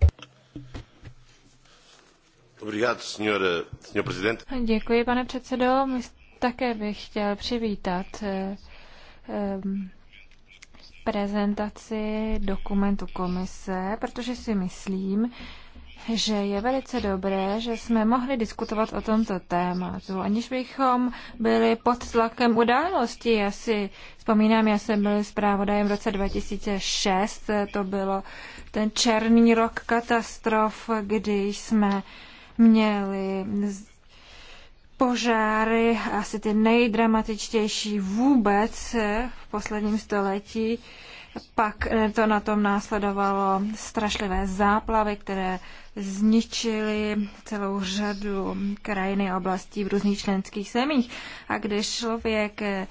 Děkuji, pane předsedo. Také bych chtěl přivítat eh, eh, prezentaci dokumentu komise, protože si myslím, že je velice dobré, že jsme mohli diskutovat o tomto tématu, aniž bychom byli pod tlakem události. Já si vzpomínám, já jsem byl zprávodajem v roce 2006, to bylo ten černý rok katastrof, kdy jsme měli požáry, asi ty nejdramatičtější vůbec v posledním století. Pak eh, to na tom následovalo strašlivé záplavy, které zničily celou řadu krajiny a oblastí v různých členských zemích. A když člověk eh,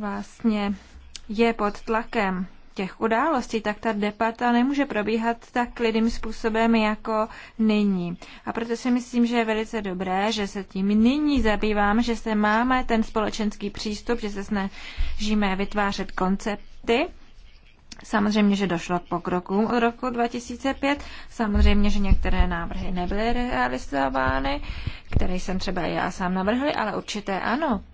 vlastně je pod tlakem těch událostí, tak ta debata nemůže probíhat tak klidným způsobem jako nyní. A proto si myslím, že je velice dobré, že se tím nyní zabýváme, že se máme ten společenský přístup, že se snažíme vytvářet koncepty, Samozřejmě, že došlo k pokrokům od roku 2005, samozřejmě, že některé návrhy nebyly realizovány, které jsem třeba já sám navrhl, ale určité ano.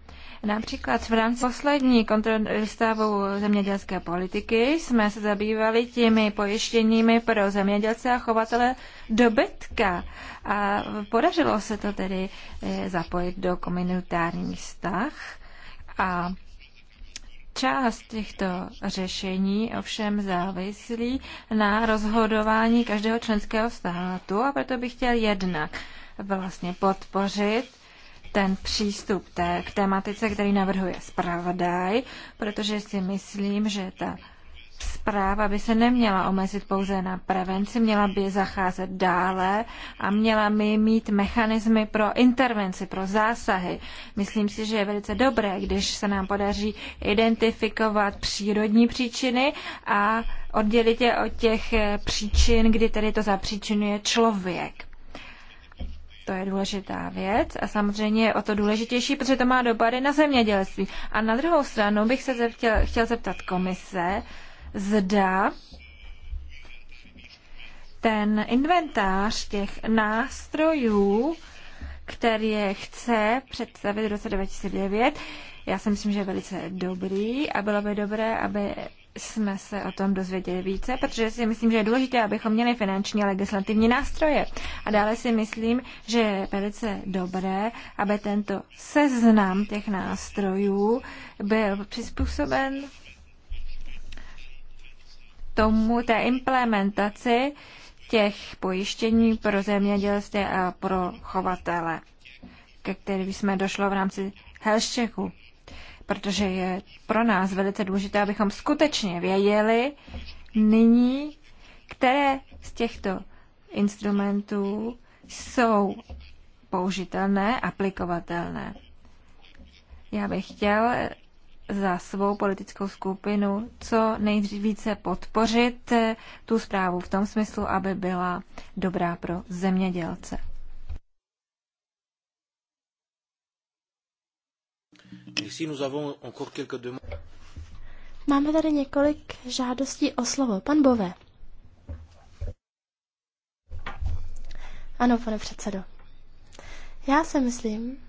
Například v rámci poslední kontroly stavu zemědělské politiky jsme se zabývali těmi pojištěními pro zemědělce a chovatele dobytka. A podařilo se to tedy eh, zapojit do komunitárních vztah. A Část těchto řešení ovšem závislí na rozhodování každého členského státu a proto bych chtěl jednak vlastně podpořit ten přístup té, k tématice, který navrhuje zpravodaj, protože si myslím, že ta Zpráva by se neměla omezit pouze na prevenci, měla by zacházet dále a měla by mít mechanismy pro intervenci, pro zásahy. Myslím si, že je velice dobré, když se nám podaří identifikovat přírodní příčiny a oddělit je od těch eh, příčin, kdy tedy to zapříčinuje člověk. To je důležitá věc a samozřejmě je o to důležitější, protože to má dopady na zemědělství. A na druhou stranu bych se zeptěl, chtěl zeptat komise, zda ten inventář těch nástrojů, který chce představit v roce 2009, já si myslím, že je velice dobrý a bylo by dobré, aby jsme se o tom dozvěděli více, protože si myslím, že je důležité, abychom měli finanční a legislativní nástroje. A dále si myslím, že je velice dobré, aby tento seznam těch nástrojů byl přizpůsoben tomu té implementaci těch pojištění pro zemědělství a pro chovatele, ke kterým jsme došlo v rámci Helščeku. Protože je pro nás velice důležité, abychom skutečně věděli nyní, které z těchto instrumentů jsou použitelné, aplikovatelné. Já bych chtěl za svou politickou skupinu co nejvíce podpořit eh, tu zprávu v tom smyslu, aby byla dobrá pro zemědělce. Máme tady několik žádostí o slovo. Pan Bové. Ano, pane předsedo. Já si myslím,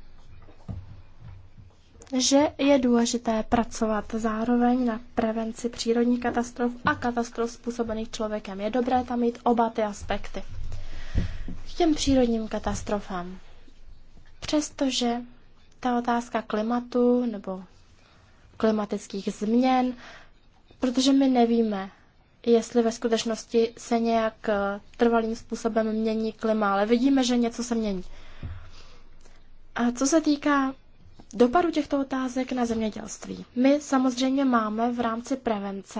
že je důležité pracovat zároveň na prevenci přírodních katastrof a katastrof způsobených člověkem. Je dobré tam mít oba ty aspekty. K těm přírodním katastrofám. Přestože ta otázka klimatu nebo klimatických změn, protože my nevíme, jestli ve skutečnosti se nějak eh, trvalým způsobem mění klima, ale vidíme, že něco se mění. A co se týká dopadu těchto otázek na zemědělství. My samozřejmě máme v rámci prevence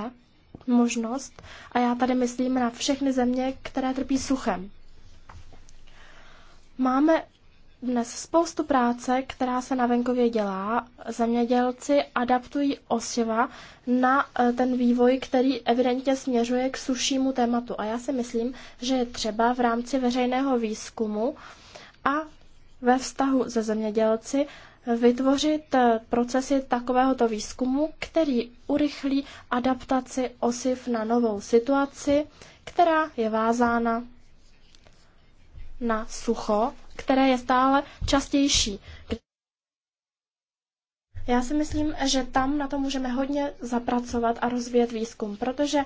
možnost, a já tady myslím na všechny země, které trpí suchem. Máme dnes spoustu práce, která se na venkově dělá. Zemědělci adaptují osiva na eh, ten vývoj, který evidentně směřuje k sušímu tématu. A já si myslím, že je třeba v rámci veřejného výzkumu a ve vztahu se zemědělci vytvořit eh, procesy takovéhoto výzkumu, který urychlí adaptaci osiv na novou situaci, která je vázána na sucho, které je stále častější. Já si myslím, že tam na to můžeme hodně zapracovat a rozvíjet výzkum, protože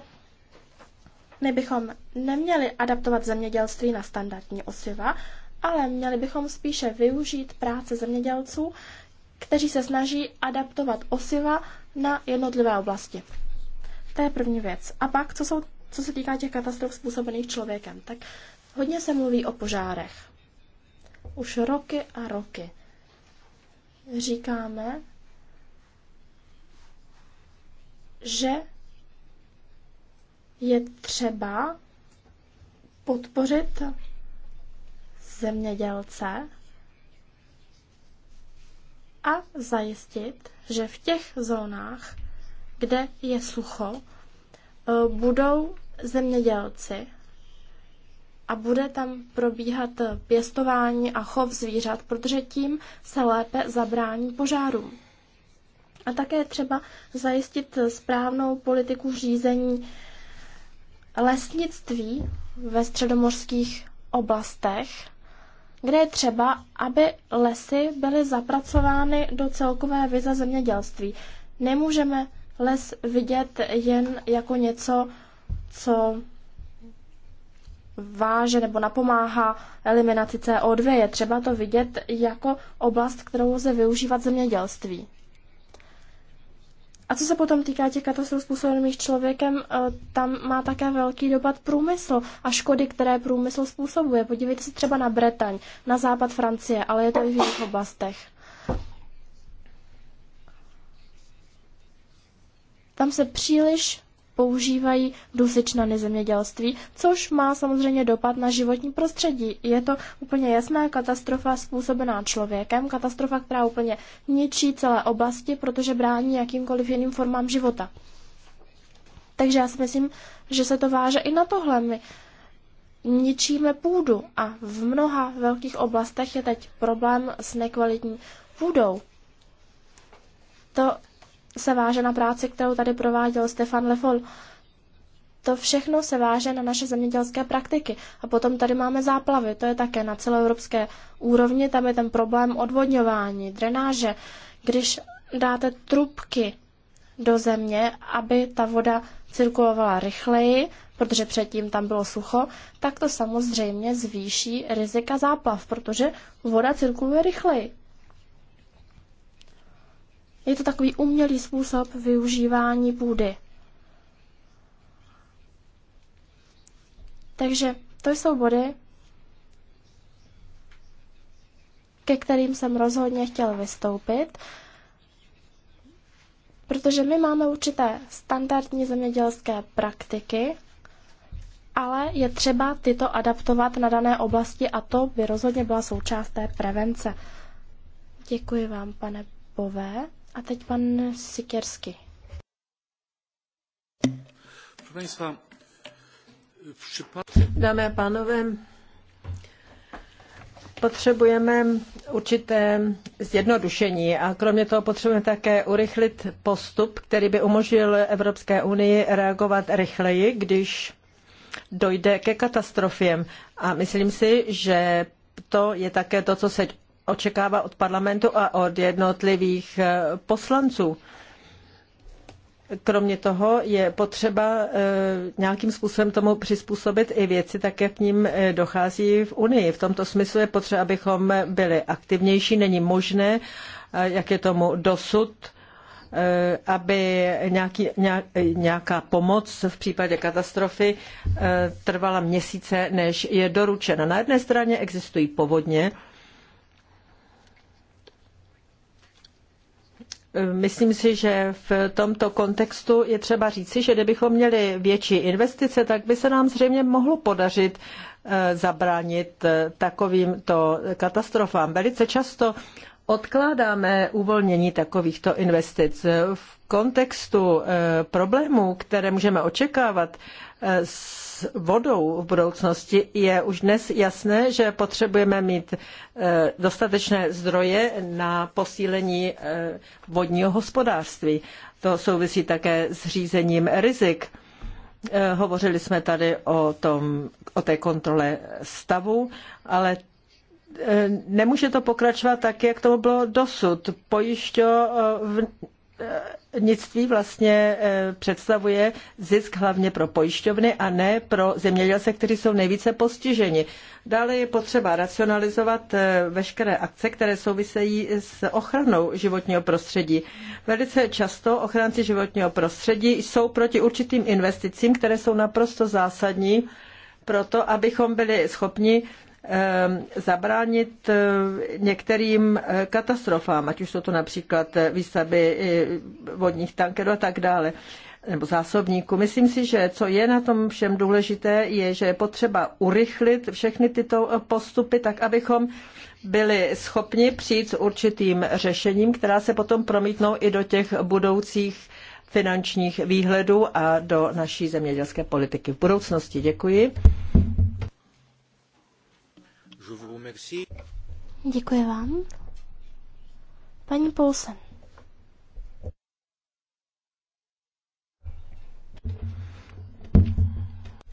my bychom neměli adaptovat zemědělství na standardní osiva, ale měli bychom spíše využít práce zemědělců, kteří se snaží adaptovat osiva na jednotlivé oblasti. To je první věc. A pak, co, jsou, co se týká těch katastrof způsobených člověkem, tak hodně se mluví o požárech. Už roky a roky říkáme, že je třeba podpořit zemědělce a zajistit, že v těch zónách, kde je sucho, e, budou zemědělci a bude tam probíhat pěstování a chov zvířat, protože tím se lépe zabrání požárům. A také třeba zajistit správnou politiku řízení lesnictví ve středomořských oblastech kde je třeba, aby lesy byly zapracovány do celkové vize zemědělství. Nemůžeme les vidět jen jako něco, co váže nebo napomáhá eliminaci CO2. Je třeba to vidět jako oblast, kterou lze využívat zemědělství. A co se potom týká těch katastrof způsobených člověkem, eh, tam má také velký dopad průmysl a škody, které průmysl způsobuje. Podívejte se třeba na Bretaň, na západ Francie, ale je to i v jiných oblastech. Tam se příliš používají dusičnany nezemědělství, což má samozřejmě dopad na životní prostředí. Je to úplně jasná katastrofa způsobená člověkem, katastrofa, která úplně ničí celé oblasti, protože brání jakýmkoliv jiným formám života. Takže já si myslím, že se to váže i na tohle. My ničíme půdu a v mnoha velkých oblastech je teď problém s nekvalitní půdou. To se váže na práci, kterou tady prováděl Stefan Lefol. To všechno se váže na naše zemědělské praktiky. A potom tady máme záplavy, to je také na celoevropské úrovni, tam je ten problém odvodňování, drenáže. Když dáte trubky do země, aby ta voda cirkulovala rychleji, protože předtím tam bylo sucho, tak to samozřejmě zvýší rizika záplav, protože voda cirkuluje rychleji. Je to takový umělý způsob využívání půdy. Takže to jsou body, ke kterým jsem rozhodně chtěl vystoupit, protože my máme určité standardní zemědělské praktiky, ale je třeba tyto adaptovat na dané oblasti a to by rozhodně byla součást té prevence. Děkuji vám, pane Bové. A teď pan Sikersky. Dámy a pánové, potřebujeme určité zjednodušení a kromě toho potřebujeme také urychlit postup, který by umožnil Evropské unii reagovat rychleji, když dojde ke katastrofě. A myslím si, že to je také to, co se očekává od parlamentu a od jednotlivých eh, poslanců. Kromě toho je potřeba eh, nějakým způsobem tomu přizpůsobit i věci, tak jak k ním eh, dochází v Unii. V tomto smyslu je potřeba, abychom byli aktivnější. Není možné, jak je tomu dosud, aby nějaký, nějaká pomoc v případě katastrofy trvala měsíce, než je doručena. Na jedné straně existují povodně, Myslím si, že v tomto kontextu je třeba říci, že kdybychom měli větší investice, tak by se nám zřejmě mohlo podařit eh, zabránit eh, takovýmto katastrofám. Velice často odkládáme uvolnění takovýchto investic. V kontextu eh, problémů, které můžeme očekávat s vodou v budoucnosti, je už dnes jasné, že potřebujeme mít eh, dostatečné zdroje na posílení eh, vodního hospodářství. To souvisí také s řízením rizik. Eh, hovořili jsme tady o, tom, o té kontrole stavu, ale nemůže to pokračovat tak, jak to bylo dosud. Pojišťo zdravotnictví vlastně eh, představuje zisk hlavně pro pojišťovny a ne pro zemědělce, kteří jsou nejvíce postiženi. Dále je potřeba racionalizovat eh, veškeré akce, které souvisejí s ochranou životního prostředí. Velice často ochránci životního prostředí jsou proti určitým investicím, které jsou naprosto zásadní pro to, abychom byli schopni Ehm, zabránit eh, některým eh, katastrofám, ať už jsou to například eh, výstavby vodních tankerů a tak dále nebo zásobníku. Myslím si, že co je na tom všem důležité, je, že je potřeba urychlit všechny tyto postupy, tak abychom byli schopni přijít s určitým řešením, která se potom promítnou i do těch budoucích finančních výhledů a do naší zemědělské politiky v budoucnosti. Děkuji. Děkuji vám. Paní Poulsen.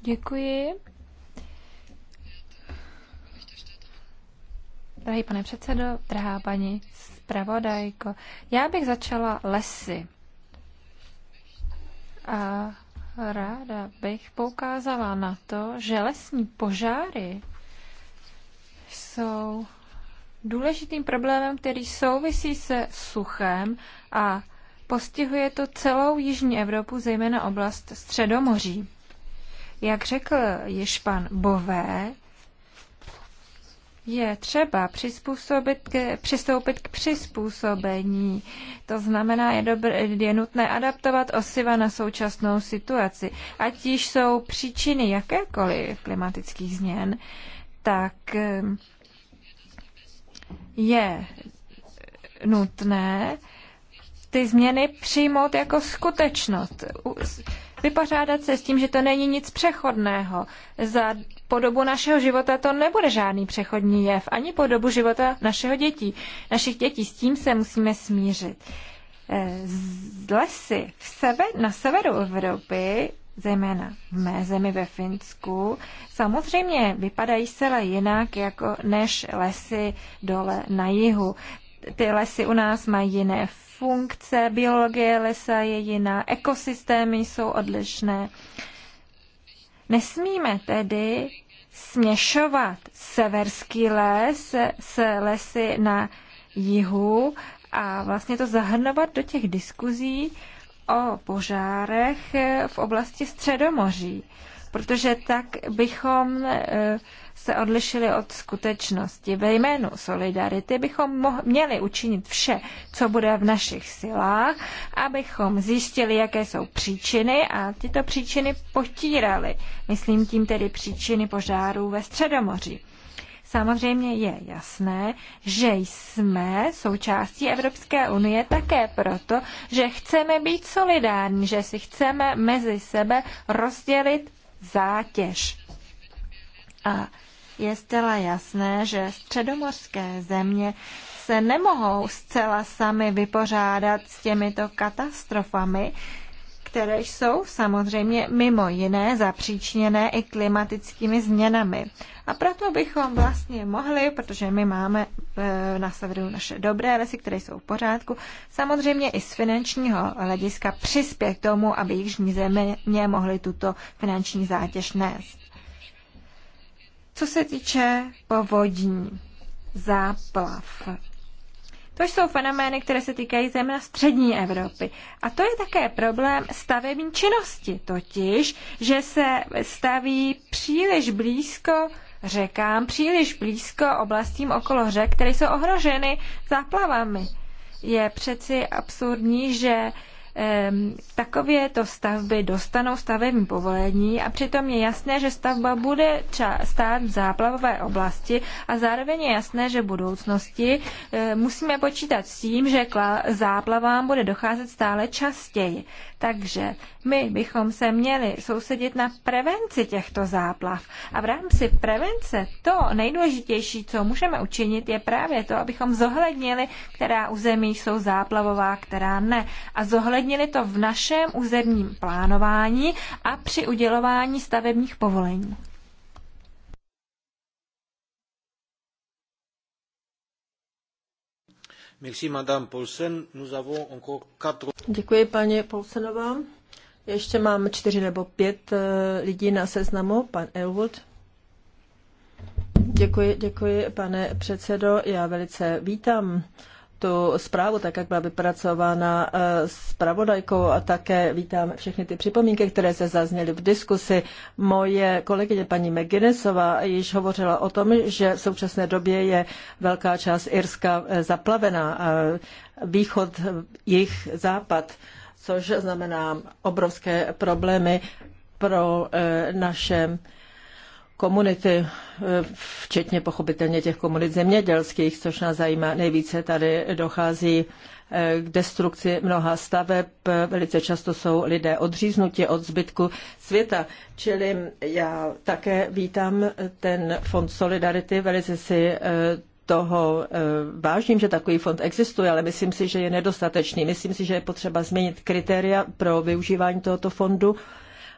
Děkuji. Drahý pane předsedo, drahá paní zpravodajko, já bych začala lesy. A ráda bych poukázala na to, že lesní požáry jsou důležitým problémem, který souvisí se suchem a postihuje to celou Jižní Evropu, zejména oblast Středomoří. Jak řekl již pan Bové, je třeba přizpůsobit k, přistoupit k přizpůsobení. To znamená, je, dobr, je nutné adaptovat osiva na současnou situaci. Ať již jsou příčiny jakékoliv klimatických změn, tak je nutné ty změny přijmout jako skutečnost. Vypořádat se s tím, že to není nic přechodného. Za podobu našeho života to nebude žádný přechodní jev, ani po dobu života našeho dětí, našich dětí. S tím se musíme smířit. Eh, z lesy v sebe, na severu Evropy zejména v mé zemi ve Finsku, samozřejmě vypadají zcela jinak jako než lesy dole na jihu. Ty lesy u nás mají jiné funkce, biologie lesa je jiná, ekosystémy jsou odlišné. Nesmíme tedy směšovat severský les s lesy na jihu a vlastně to zahrnovat do těch diskuzí, o požárech v oblasti Středomoří, protože tak bychom eh, se odlišili od skutečnosti. Ve jménu solidarity bychom měli učinit vše, co bude v našich silách, abychom zjistili, jaké jsou příčiny a tyto příčiny potírali. Myslím tím tedy příčiny požárů ve Středomoří. Samozřejmě je jasné, že jsme součástí Evropské unie také proto, že chceme být solidární, že si chceme mezi sebe rozdělit zátěž. A je zcela jasné, že středomorské země se nemohou zcela sami vypořádat s těmito katastrofami, které jsou samozřejmě mimo jiné zapříčněné i klimatickými změnami. A proto bychom vlastně mohli, protože my máme e, na severu naše dobré lesy, které jsou v pořádku, samozřejmě i z finančního hlediska přispět k tomu, aby jižní země mohly tuto finanční zátěž nést. Co se týče povodní, záplav, to jsou fenomény, které se týkají zejména střední Evropy. A to je také problém stavební činnosti, totiž, že se staví příliš blízko řekám, příliš blízko oblastím okolo řek, které jsou ohroženy záplavami. Je přeci absurdní, že takovéto stavby dostanou stavební povolení a přitom je jasné, že stavba bude stát v záplavové oblasti a zároveň je jasné, že v budoucnosti eh, musíme počítat s tím, že záplavám bude docházet stále častěji. Takže my bychom se měli sousedit na prevenci těchto záplav. A v rámci prevence to nejdůležitější, co můžeme učinit, je právě to, abychom zohlednili, která území jsou záplavová, která ne. A zohlednili zohlednili to v našem územním plánování a při udělování stavebních povolení. Děkuji, paní Paulsenová. Ještě mám čtyři nebo pět eh, lidí na seznamu. Pan Elwood. Děkuji, děkuji, pane předsedo. Já velice vítám tu zprávu, tak jak byla vypracována eh, pravodajkou a také vítám všechny ty připomínky, které se zazněly v diskusi. Moje kolegyně paní McGuinnessová již hovořila o tom, že v současné době je velká část Irska eh, zaplavená, eh, východ, jich, západ, což znamená obrovské problémy pro naše komunity, eh, včetně pochopitelně těch komunit zemědělských, což nás zajímá nejvíce. Tady dochází eh, k destrukci mnoha staveb. Velice často jsou lidé odříznuti od zbytku světa. Čili já také vítám ten fond Solidarity. Velice si eh, toho vážím, že takový fond existuje, ale myslím si, že je nedostatečný. Myslím si, že je potřeba změnit kritéria pro využívání tohoto fondu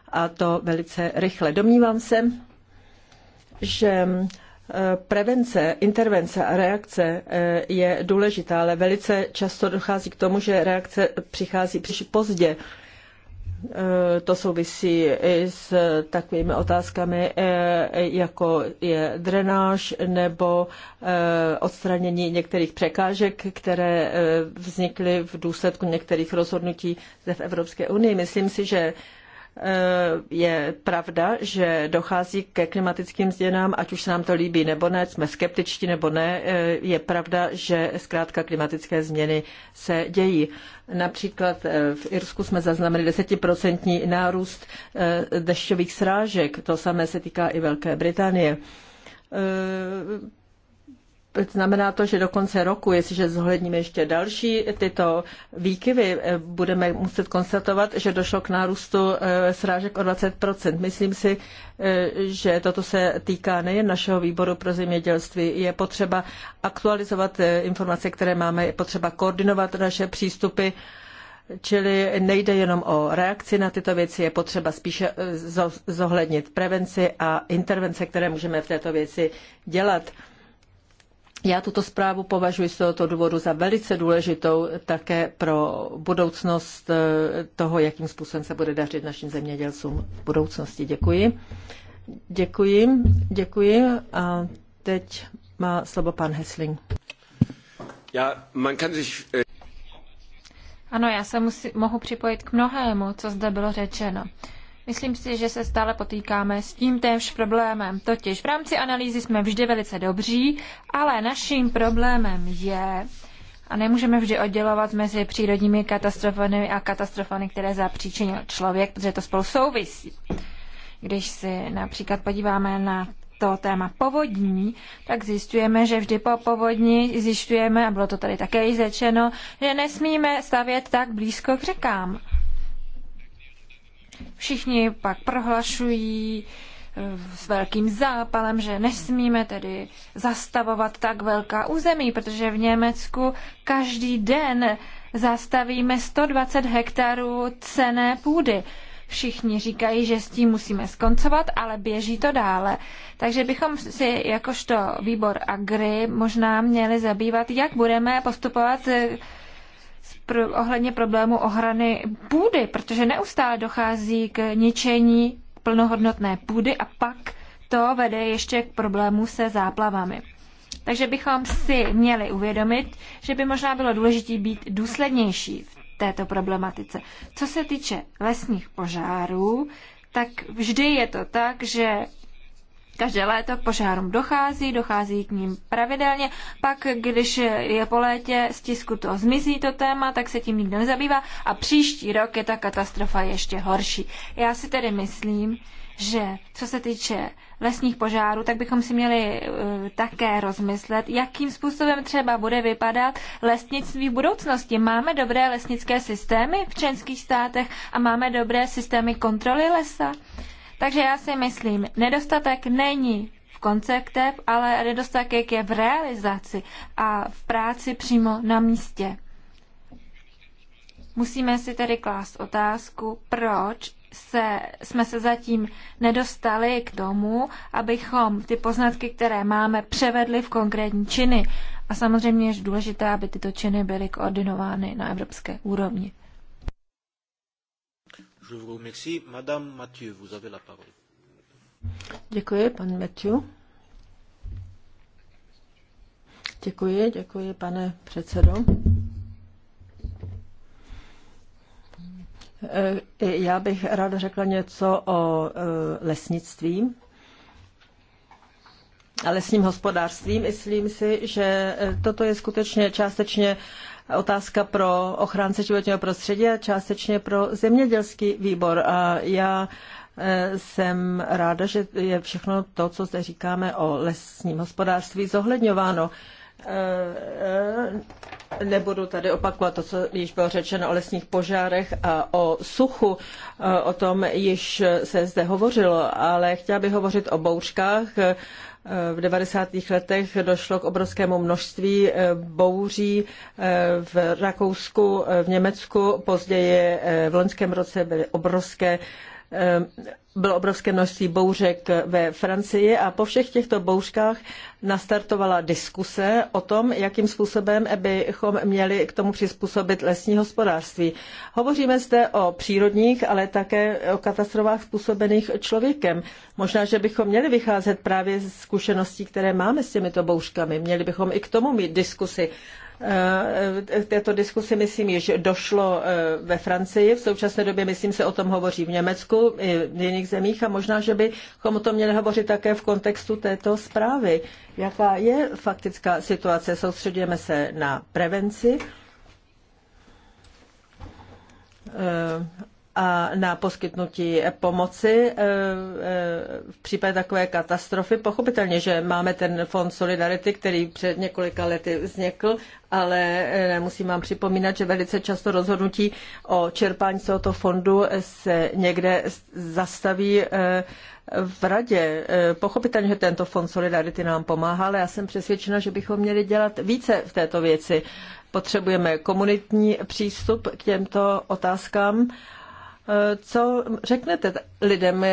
a to velice rychle. Domnívám se, že eh, Prevence, intervence a reakce eh, je důležitá, ale velice často dochází k tomu, že reakce přichází příliš pozdě. Eh, to souvisí i s takovými otázkami, jako je drenáž nebo odstranění některých překážek, které vznikly v důsledku některých rozhodnutí v Evropské unii. Myslím si, že Eh, je pravda, že dochází ke klimatickým změnám, ať už se nám to líbí nebo ne, jsme skeptičtí nebo ne, eh, je pravda, že zkrátka klimatické změny se dějí. Například eh, v Irsku jsme zaznamenali desetiprocentní nárůst dešťových srážek, to samé se týká i Velké Británie Znamená to, že do konce roku, jestliže zohledníme ještě další tyto výkyvy, eh, budeme muset konstatovat, že došlo k nárůstu eh, srážek o 20 Myslím si, eh, že toto se týká nejen našeho výboru pro zemědělství. Je potřeba aktualizovat informace, které máme, je potřeba koordinovat naše přístupy. Čili nejde jenom o reakci na tyto věci, je potřeba spíše zohlednit prevenci a intervence, které můžeme v této věci dělat. Já tuto zprávu považuji z tohoto důvodu za velice důležitou také pro budoucnost eh, toho, jakým způsobem se bude dařit našim zemědělcům v budoucnosti. Děkuji. Děkuji, děkuji. A teď má slovo pan Hesling. Já, man kann sich... Eh, ano, já se musí, mohu připojit k mnohému, co zde bylo řečeno. Myslím si, že se stále potýkáme s tím též problémem. Totiž v rámci analýzy jsme vždy velice dobří, ale naším problémem je, a nemůžeme vždy oddělovat mezi přírodními katastrofami a katastrofami, které zapříčinil člověk, protože to spolu souvisí. Když si například podíváme na to téma povodní, tak zjistujeme, že vždy po povodní zjišťujeme, a bylo to tady také i řečeno, že nesmíme stavět tak blízko k řekám Všichni pak prohlašují eh, s velkým zápalem, že nesmíme tedy zastavovat tak velká území, protože v Německu každý den zastavíme 120 hektarů cené půdy. Všichni říkají, že s tím musíme skoncovat, ale běží to dále. Takže bychom si jakožto výbor Agri možná měli zabývat, jak budeme postupovat pro, ohledně problému ochrany půdy, protože neustále dochází k ničení plnohodnotné půdy a pak to vede ještě k problému se záplavami. Takže bychom si měli uvědomit, že by možná bylo důležité být důslednější v této problematice. Co se týče lesních požárů, tak vždy je to tak, že Každé léto k požárům dochází, dochází k ním pravidelně. Pak, když je po létě, z tisku to zmizí to téma, tak se tím nikdo nezabývá a příští rok je ta katastrofa ještě horší. Já si tedy myslím, že co se týče lesních požárů, tak bychom si měli uh, také rozmyslet, jakým způsobem třeba bude vypadat lesnictví v budoucnosti. Máme dobré lesnické systémy v členských státech a máme dobré systémy kontroly lesa. Uh, takže já si myslím, nedostatek není v konceptech, ale nedostatek je v realizaci a v práci přímo na místě. Musíme si tedy klást otázku, proč se, jsme se zatím nedostali k tomu, abychom ty poznatky, které máme, převedli v konkrétní činy. A samozřejmě je důležité, aby tyto činy byly koordinovány na evropské úrovni. Je vous remercie. Madame Mathieu, vous avez la parole. Děkuji, pane Mathieu. Děkuji, děkuji, pane předsedo. E, já bych ráda řekla něco o e, lesnictví a lesním hospodářství. Myslím si, že e, toto je skutečně částečně otázka pro ochránce životního prostředí a částečně pro zemědělský výbor. A já e, jsem ráda, že je všechno to, co zde říkáme o lesním hospodářství, zohledňováno. E, e, Nebudu tady opakovat to, co již bylo řečeno o lesních požárech a o suchu. E, o tom již se zde hovořilo, ale chtěla bych hovořit o bouřkách. E, v 90. letech došlo k obrovskému množství e, bouří v Rakousku, v Německu, později v loňském roce byly obrovské Ehm, bylo obrovské množství bouřek ve Francii a po všech těchto bouřkách nastartovala diskuse o tom, jakým způsobem bychom měli k tomu přizpůsobit lesní hospodářství. Hovoříme zde o přírodních, ale také o katastrofách způsobených člověkem. Možná, že bychom měli vycházet právě z zkušeností, které máme s těmito bouřkami. Měli bychom i k tomu mít diskusy. Eh, této diskusi, myslím, již došlo eh, ve Francii. V současné době, myslím, se o tom hovoří v Německu i v jiných zemích a možná, že bychom o tom měli hovořit také v kontextu této zprávy. Jaká je faktická situace? Soustředujeme se na prevenci eh, a na poskytnutí pomoci e, e, v případě takové katastrofy. Pochopitelně, že máme ten fond Solidarity, který před několika lety vznikl, ale e, musím vám připomínat, že velice často rozhodnutí o čerpání tohoto fondu se někde zastaví v radě. Pochopitelně, že tento fond Solidarity nám pomáhá, ale já jsem přesvědčena, že bychom měli dělat více v této věci. Potřebujeme komunitní přístup k těmto otázkám co řeknete lidem,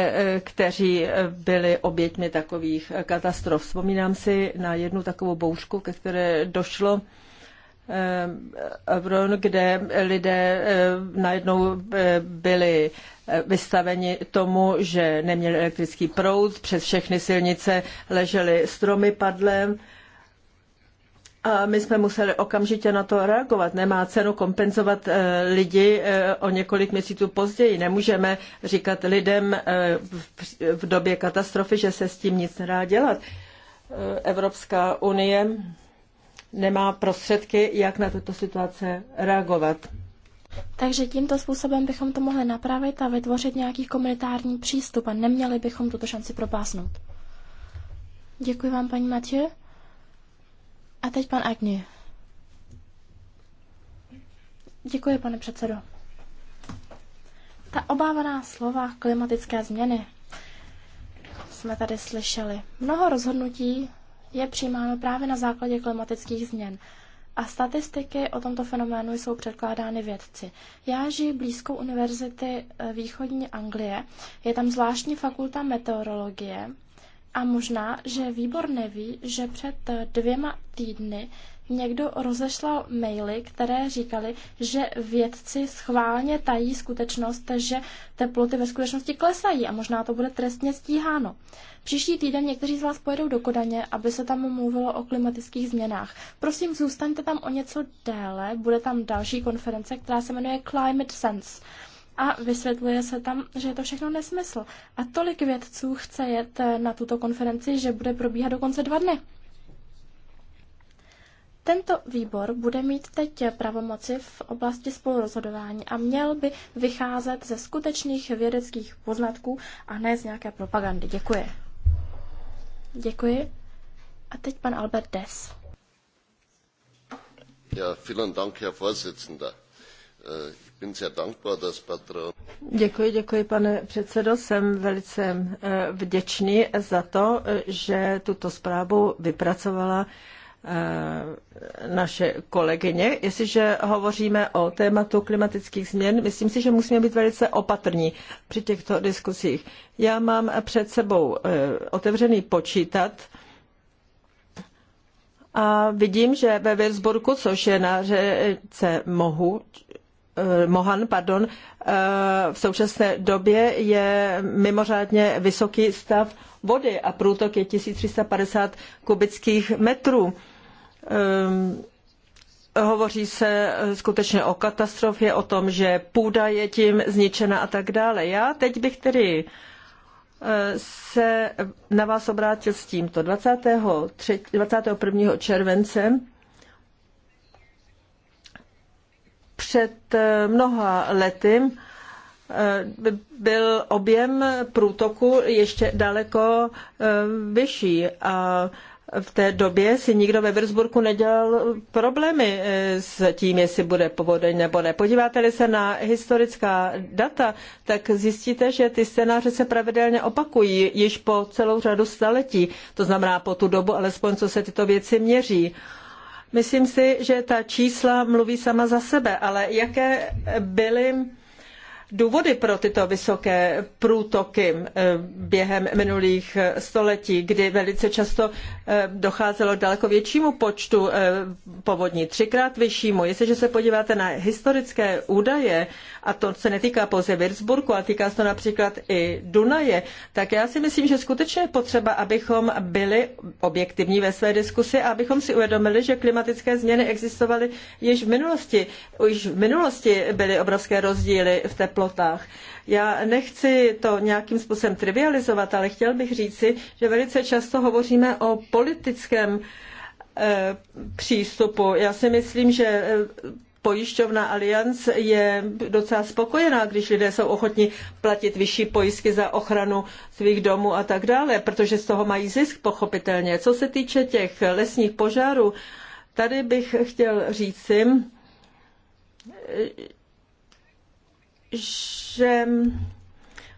kteří byli oběťmi takových katastrof? Vzpomínám si na jednu takovou bouřku, ke které došlo eh, kde lidé eh, najednou eh, byli vystaveni tomu, že neměli elektrický proud, přes všechny silnice ležely stromy padlé a my jsme museli okamžitě na to reagovat. Nemá cenu kompenzovat e, lidi e, o několik měsíců později. Nemůžeme říkat lidem e, v době katastrofy, že se s tím nic nedá dělat. Evropská unie nemá prostředky, jak na tuto situace reagovat. Takže tímto způsobem bychom to mohli napravit a vytvořit nějaký komunitární přístup a neměli bychom tuto šanci propásnout. Děkuji vám, paní Matěje. A teď pan Agni. Děkuji, pane předsedo. Ta obávaná slova klimatické změny jsme tady slyšeli. Mnoho rozhodnutí je přijímáno právě na základě klimatických změn. A statistiky o tomto fenoménu jsou předkládány vědci. Já žiji blízko univerzity eh, východní Anglie. Je tam zvláštní fakulta meteorologie, a možná, že výbor neví, že před eh, dvěma týdny někdo rozešlal maily, které říkali, že vědci schválně tají skutečnost, že teploty ve skutečnosti klesají a možná to bude trestně stíháno. Příští týden někteří z vás pojedou do Kodaně, aby se tam mluvilo o klimatických změnách. Prosím, zůstaňte tam o něco déle, bude tam další konference, která se jmenuje Climate Sense a vysvětluje se tam, že je to všechno nesmysl. A tolik vědců chce jet eh, na tuto konferenci, že bude probíhat dokonce dva dny. Tento výbor bude mít teď pravomoci v oblasti spolurozhodování a měl by vycházet ze skutečných vědeckých poznatků a ne z nějaké propagandy. Děkuji. Děkuji. A teď pan Albert Des. Ja, vielen Dank, Herr Vorsitzender. Děkuji, děkuji, pane předsedo. Jsem velice eh, vděčný za to, eh, že tuto zprávu vypracovala eh, naše kolegyně. Jestliže hovoříme o tématu klimatických změn, myslím si, že musíme být velice opatrní při těchto diskusích. Já mám před sebou otevřený počítat, a vidím, že ve Würzburgu, což je na řece Mohu, Eh, Mohan, pardon, eh, v současné době je mimořádně vysoký stav vody a průtok je 1350 kubických metrů. Eh, hovoří se skutečně o katastrofě, o tom, že půda je tím zničena a tak dále. Já teď bych tedy se na vás obrátil s tímto. 23, 21. července před eh, mnoha lety eh, byl objem průtoku ještě daleko eh, vyšší a v té době si nikdo ve Würzburgu nedělal problémy s tím, jestli bude povodeň nebo ne. Podíváte-li se na historická data, tak zjistíte, že ty scénáře se pravidelně opakují již po celou řadu staletí. To znamená po tu dobu, alespoň co se tyto věci měří. Myslím si, že ta čísla mluví sama za sebe, ale jaké byly důvody pro tyto vysoké průtoky eh, během minulých eh, století, kdy velice často eh, docházelo k daleko většímu počtu povodní, třikrát vyššímu. Jestliže se podíváte na historické údaje, a to se netýká pouze Würzburgu, ale týká se to například i Dunaje, tak já si myslím, že skutečně je potřeba, abychom byli objektivní ve své diskusi a abychom si uvědomili, že klimatické změny existovaly již v minulosti. Už v minulosti byly obrovské rozdíly v teplotě teplotách. Já nechci to nějakým způsobem trivializovat, ale chtěl bych říci, že velice často hovoříme o politickém eh, přístupu. Já si myslím, že eh, pojišťovna Allianz je docela spokojená, když lidé jsou ochotni platit vyšší pojistky za ochranu svých domů a tak dále, protože z toho mají zisk pochopitelně. Co se týče těch lesních požárů, tady bych chtěl říci, že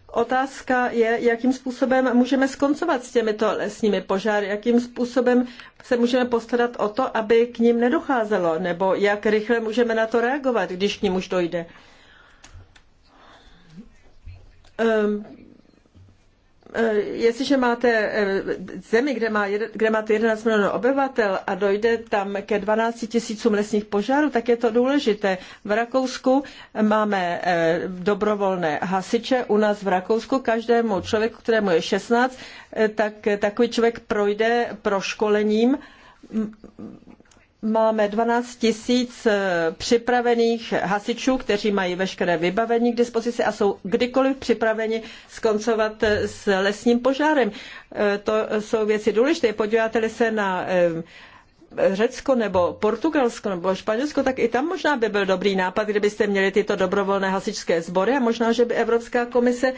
otázka je, jakým způsobem můžeme skoncovat s těmito lesními požáry, jakým způsobem se můžeme postarat o to, aby k ním nedocházelo, nebo jak rychle můžeme na to reagovat, když k ním už dojde. Ehm, Eh, jestliže máte eh, zemi, kde, má, kde máte 11 milionů obyvatel a dojde tam ke 12 tisícům lesních požárů, tak je to důležité. V Rakousku máme eh, dobrovolné hasiče, u nás v Rakousku každému člověku, kterému je 16, tak takový člověk projde proškolením Máme 12 tisíc eh, připravených hasičů, kteří mají veškeré vybavení k dispozici a jsou kdykoliv připraveni skoncovat eh, s lesním požárem. Eh, to jsou věci důležité. Podíváte-li se na Řecko nebo Portugalsko nebo Španělsko, tak i tam možná by byl dobrý nápad, kdybyste měli tyto dobrovolné hasičské sbory a možná, že by Evropská komise,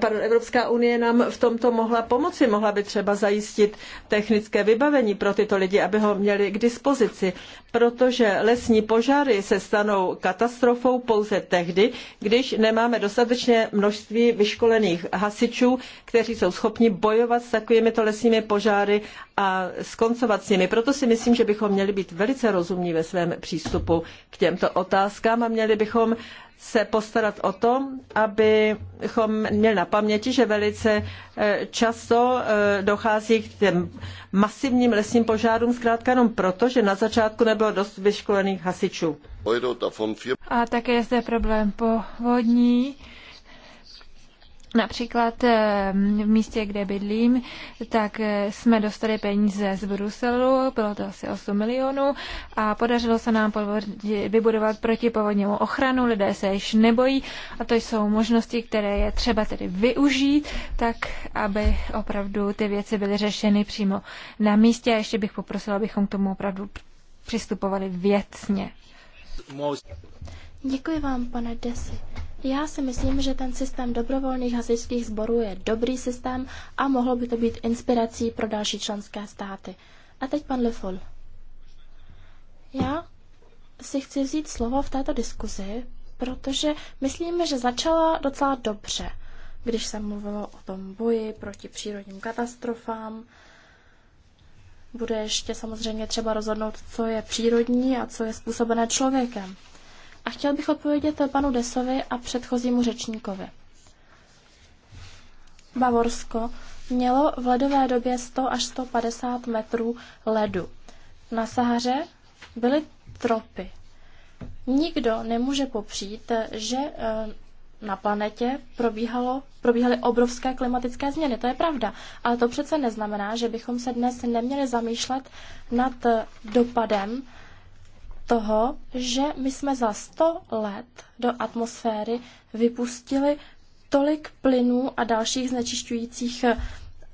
pardon, Evropská unie nám v tomto mohla pomoci, mohla by třeba zajistit technické vybavení pro tyto lidi, aby ho měli k dispozici, protože lesní požáry se stanou katastrofou pouze tehdy, když nemáme dostatečné množství vyškolených hasičů, kteří jsou schopni bojovat s takovýmito lesními požáry a skoncovat s nimi. Proto si myslím, že že bychom měli být velice rozumní ve svém přístupu k těmto otázkám a měli bychom se postarat o to, abychom měli na paměti, že velice e, často e, dochází k těm masivním lesním požárům zkrátka jenom proto, že na začátku nebylo dost vyškolených hasičů. A také je zde problém povodní Například eh, v místě, kde bydlím, tak eh, jsme dostali peníze z Bruselu, bylo to asi 8 milionů a podařilo se nám vybudovat protipovodňovou ochranu, lidé se již nebojí a to jsou možnosti, které je třeba tedy využít, tak aby opravdu ty věci byly řešeny přímo na místě a ještě bych poprosila, abychom k tomu opravdu přistupovali věcně. Děkuji vám, pane Desi. Já si myslím, že ten systém dobrovolných hasičských sborů je dobrý systém a mohlo by to být inspirací pro další členské státy. A teď pan Lefol. Já si chci vzít slovo v této diskuzi, protože myslím, že začala docela dobře, když se mluvilo o tom boji proti přírodním katastrofám. Bude ještě samozřejmě třeba rozhodnout, co je přírodní a co je způsobené člověkem. A chtěl bych odpovědět panu Desovi a předchozímu řečníkovi. Bavorsko mělo v ledové době 100 až 150 metrů ledu. Na Sahaře byly tropy. Nikdo nemůže popřít, že eh, na planetě probíhalo, probíhaly obrovské klimatické změny. To je pravda. Ale to přece neznamená, že bychom se dnes neměli zamýšlet nad dopadem toho, že my jsme za 100 let do atmosféry vypustili tolik plynů a dalších znečišťujících eh,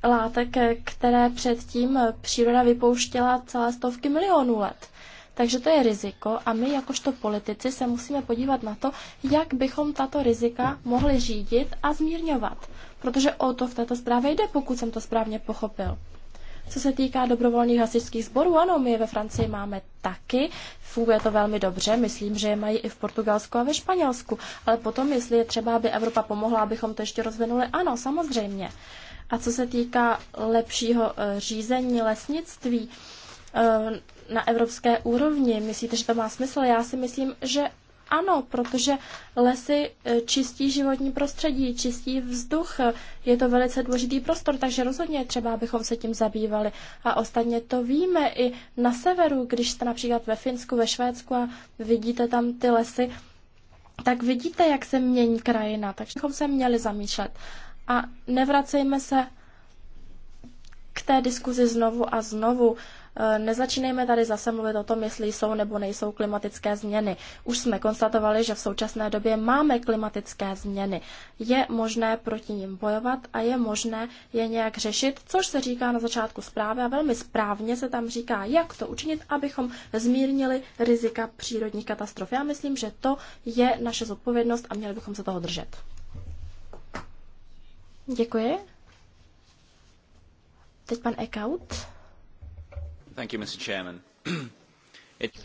látek, eh, které předtím eh, příroda vypouštěla celé stovky milionů let. Takže to je riziko a my jakožto politici se musíme podívat na to, jak bychom tato rizika mohli řídit a zmírňovat. Protože o to v této zprávě jde, pokud jsem to správně pochopil. Co se týká dobrovolných hasičských sborů, ano, my je ve Francii máme taky, funguje to velmi dobře, myslím, že je mají i v Portugalsku a ve Španělsku, ale potom, jestli je třeba, aby Evropa pomohla, abychom to ještě rozvinuli, ano, samozřejmě. A co se týká lepšího eh, řízení lesnictví eh, na evropské úrovni, myslíte, že to má smysl? Já si myslím, že ano, protože lesy e, čistí životní prostředí, čistí vzduch. E, je to velice důležitý prostor, takže rozhodně je třeba, abychom se tím zabývali. A ostatně to víme i na severu, když jste například ve Finsku, ve Švédsku a vidíte tam ty lesy, tak vidíte, jak se mění krajina, takže bychom se měli zamýšlet. A nevracejme se k té diskuzi znovu a znovu. Eh, Nezačínejme tady zase mluvit o tom, jestli jsou nebo nejsou klimatické změny. Už jsme konstatovali, že v současné době máme klimatické změny. Je možné proti ním bojovat a je možné je nějak řešit, což se říká na začátku zprávy a velmi správně se tam říká, jak to učinit, abychom zmírnili rizika přírodních katastrof. Já myslím, že to je naše zodpovědnost a měli bychom se toho držet. Děkuji. Teď pan Ekaut.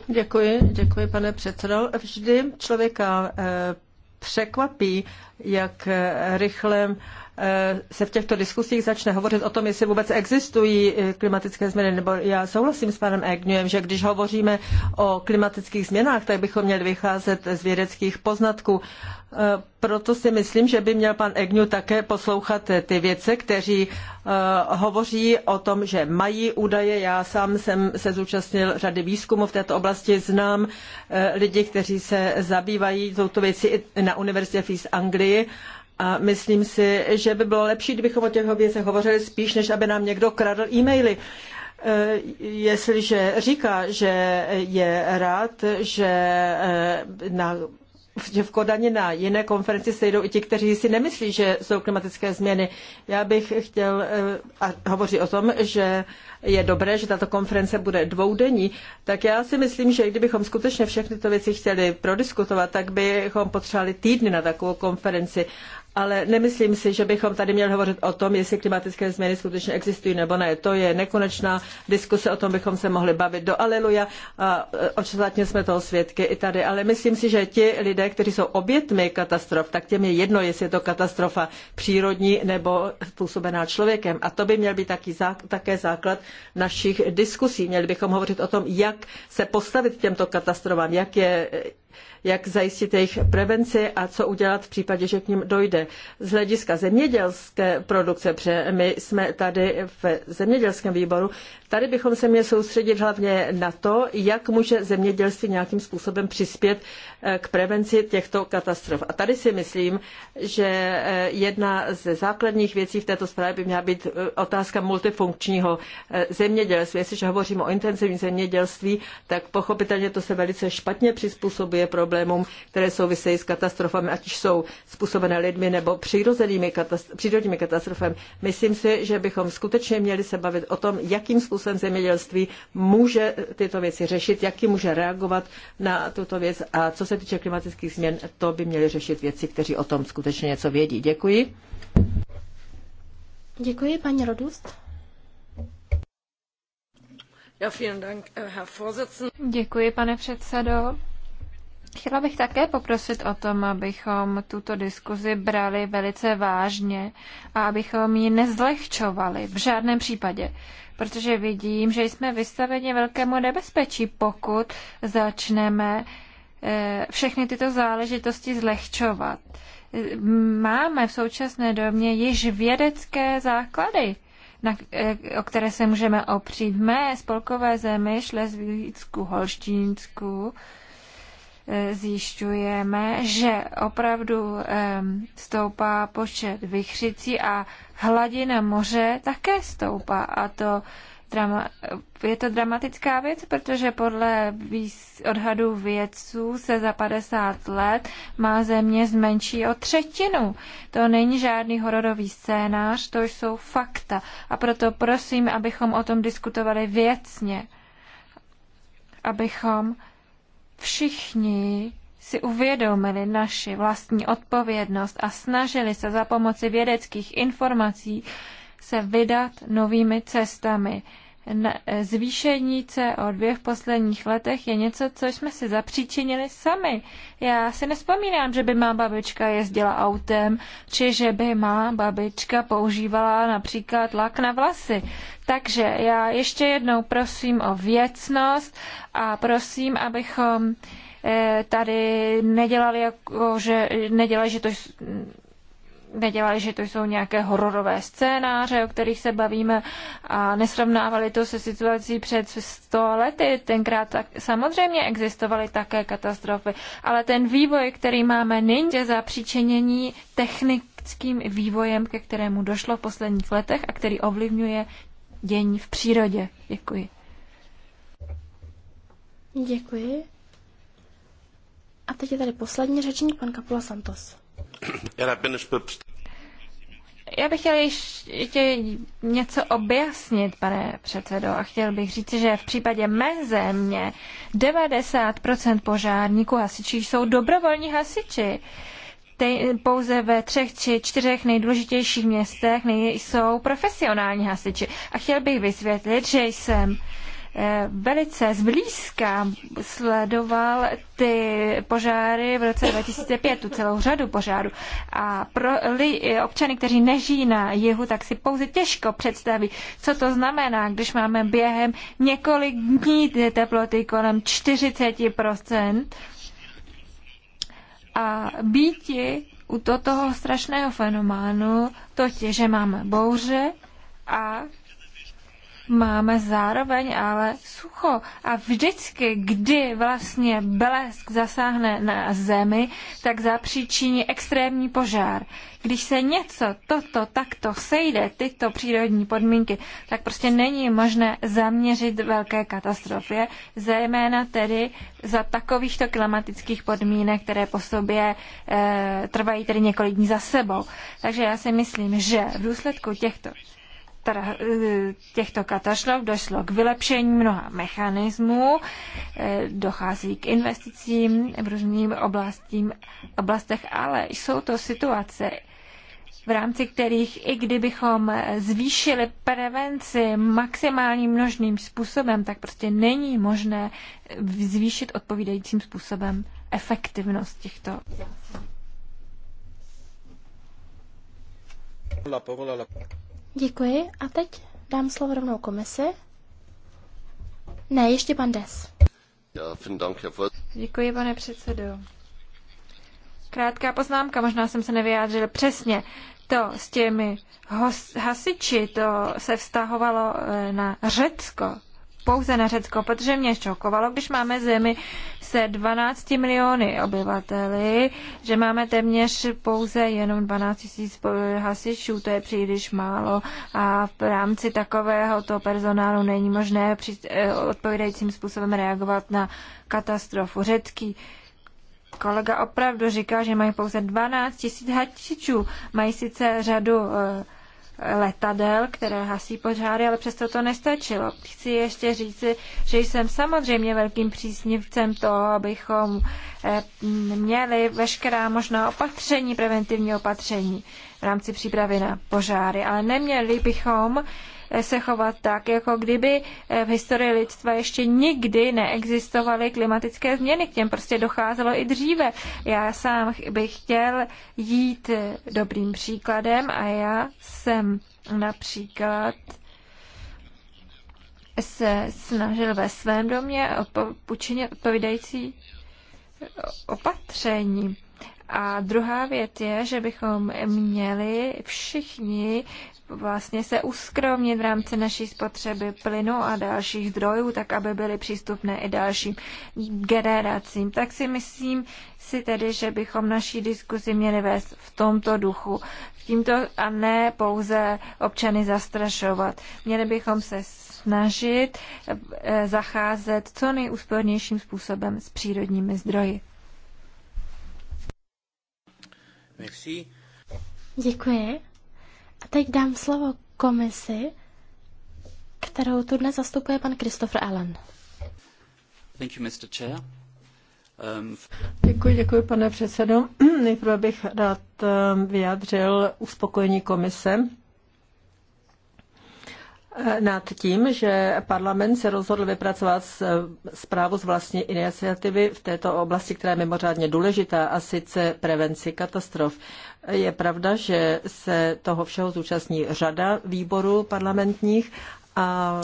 Děkuji, pane předsedající. Vždy člověka eh, překvapí, jak eh, rychle Eh, se v těchto diskusích začne hovořit o tom, jestli vůbec existují eh, klimatické změny, nebo já souhlasím s panem Egniem, že když hovoříme o klimatických změnách, tak bychom měli vycházet z vědeckých poznatků. Eh, proto si myslím, že by měl pan Egnu také poslouchat ty věce, kteří hovoří o tom, že mají údaje. Já sám jsem se zúčastnil řady výzkumů v této oblasti, znám lidi, kteří se zabývají touto věcí i na univerzitě v East Anglii a myslím si, že by bylo lepší, kdybychom o těch věcech hovořili spíš, než aby nám někdo kradl e-maily. Eh, jestliže říká, že je rád, že eh, na že v Kodani na jiné konferenci sejdou i ti, kteří si nemyslí, že jsou klimatické změny. Já bych chtěl, eh, a hovoří o tom, že je dobré, že tato konference bude dvoudenní, tak já si myslím, že kdybychom skutečně všechny tyto věci chtěli prodiskutovat, tak bychom potřebovali týdny na takovou konferenci ale nemyslím si, že bychom tady měli hovořit o tom, jestli klimatické změny skutečně existují nebo ne. To je nekonečná diskuse, o tom bychom se mohli bavit do Aleluja. E, Očestatně jsme toho svědky i tady, ale myslím si, že ti lidé, kteří jsou obětmi katastrof, tak těm je jedno, jestli je to katastrofa přírodní nebo způsobená člověkem. A to by měl být taky, také základ našich diskusí. Měli bychom hovořit o tom, jak se postavit těmto katastrofám, jak je jak zajistit jejich prevenci a co udělat v případě, že k ním dojde. Z hlediska zemědělské produkce, protože my jsme tady v zemědělském výboru, tady bychom se měli soustředit hlavně na to, jak může zemědělství nějakým způsobem přispět Eh, k prevenci těchto katastrof. A tady si myslím, že eh, jedna ze základních věcí v této zprávě by měla být eh, otázka multifunkčního zemědělství. Jestliže hovoříme o intenzivním zemědělství, tak pochopitelně to se velice špatně přizpůsobuje problémům, které souvisejí s katastrofami, ať už jsou způsobené lidmi nebo přirozenými katastrof, přírodními katastrofami. Myslím si, že bychom skutečně měli se bavit o tom, jakým způsobem zemědělství může tyto věci řešit, jaký může reagovat na tuto věc a co se se týče klimatických změn, to by měli řešit věci, kteří o tom skutečně něco vědí. Děkuji. Děkuji, paní Rodust. Äh, Děkuji, pane předsedo. Chtěla bych také poprosit o tom, abychom tuto diskuzi brali velice vážně a abychom ji nezlehčovali v žádném případě, protože vidím, že jsme vystaveni velkému nebezpečí, pokud začneme uh, všechny tyto záležitosti zlehčovat. Máme v současné době již vědecké základy, na, eh, o které se můžeme opřít. Mé spolkové zemi, Šlezvícku, Holštínsku, eh, zjišťujeme, že opravdu stoupá počet vychřicí a hladina moře také stoupá. A to drama, je to dramatická věc, protože podle odhadu vědců se za 50 let má země zmenší o třetinu. To není žádný hororový scénář, to jsou fakta. A proto prosím, abychom o tom diskutovali věcně. Abychom všichni si uvědomili naši vlastní odpovědnost a snažili se za pomoci vědeckých informací se vydat novými cestami. E, zvýšení CO2 v posledních letech je něco, co jsme si zapříčinili sami. Já si nespomínám, že by má babička jezdila autem, či že by má babička používala například lak na vlasy. Takže já ještě jednou prosím o věcnost a prosím, abychom e, tady nedělali jako, že nedělali, že to nedělali, že to jsou nějaké hororové scénáře, o kterých se bavíme a nesrovnávali to se situací před 100 lety. Tenkrát tak, samozřejmě existovaly také katastrofy, ale ten vývoj, který máme nyní, je příčenění technickým vývojem, ke kterému došlo v posledních letech a který ovlivňuje dění v přírodě. Děkuji. Děkuji. A teď je tady poslední řečník, pan Kapula Santos. Já bych chtěl ještě něco objasnit, pane předsedo, a chtěl bych říct, že v případě mé země 90% požárníků hasičů jsou dobrovolní hasiči. Te, pouze ve třech či čtyřech nejdůležitějších městech nejsou jsou profesionální hasiči. A chtěl bych vysvětlit, že jsem Eh, velice zblízka sledoval ty požáry v roce 2005, tu celou řadu požáru A pro li, eh, občany, kteří nežijí na jihu, tak si pouze těžko představí, co to znamená, když máme během několik dní ty teploty kolem 40%. A býti u toho strašného fenoménu, totiž, že máme bouře a máme zároveň ale sucho. A vždycky, kdy vlastně blesk zasáhne na zemi, tak zapříčiní extrémní požár. Když se něco toto takto sejde, tyto přírodní podmínky, tak prostě není možné zaměřit velké katastrofě, zejména tedy za takovýchto klimatických podmínek, které po sobě e, trvají tedy několik dní za sebou. Takže já si myslím, že v důsledku těchto Eh, těchto katastrof došlo k vylepšení mnoha mechanismů, eh, dochází k investicím v různým oblastím, oblastech, ale jsou to situace, v rámci kterých i kdybychom zvýšili prevenci maximálním množným způsobem, tak prostě není možné zvýšit odpovídajícím způsobem efektivnost těchto zásad. Děkuji a teď dám slovo rovnou komisi. Ne, ještě pan Des. Děkuji, pane předsedo. Krátká poznámka, možná jsem se nevyjádřil přesně. To s těmi hasiči, to se vztahovalo eh, na Řecko pouze na Řecko, protože mě šokovalo, když máme zemi se 12 miliony obyvateli, že máme téměř pouze jenom 12 tisíc hasičů, to je příliš málo a v rámci takového toho personálu není možné při, eh, odpovídajícím způsobem reagovat na katastrofu. Řecký kolega opravdu říká, že mají pouze 12 tisíc hasičů, mají sice řadu eh, letadel, které hasí požáry, ale přesto to nestačilo. Chci ještě říci, že jsem samozřejmě velkým přísnivcem toho, abychom eh, měli veškerá možná opatření, preventivní opatření v rámci přípravy na požáry, ale neměli bychom se chovat tak, jako kdyby eh, v historii lidstva ještě nikdy neexistovaly klimatické změny. K těm prostě docházelo i dříve. Já sám bych chtěl jít eh, dobrým příkladem a já jsem například se snažil ve svém domě učinit odpovídající eh, opatření. A druhá věc je, že bychom měli všichni vlastně se uskromnit v rámci naší spotřeby plynu a dalších zdrojů, tak aby byly přístupné i dalším generacím. Tak si myslím si tedy, že bychom naší diskuzi měli vést v tomto duchu. Tímto a ne pouze občany zastrašovat. Měli bychom se snažit eh, zacházet co nejúspornějším způsobem s přírodními zdroji. Merci. Děkuji. A teď dám slovo komisi, kterou tu dnes zastupuje pan Christopher Allen. Thank you, Mr. Chair. Um... Děkuji, děkuji, pane předsedo. (clears throat) Nejprve bych rád um, vyjádřil uspokojení komise nad tím, že parlament se rozhodl vypracovat zprávu z vlastní iniciativy v této oblasti, která je mimořádně důležitá, a sice prevenci katastrof. Je pravda, že se toho všeho zúčastní řada výborů parlamentních a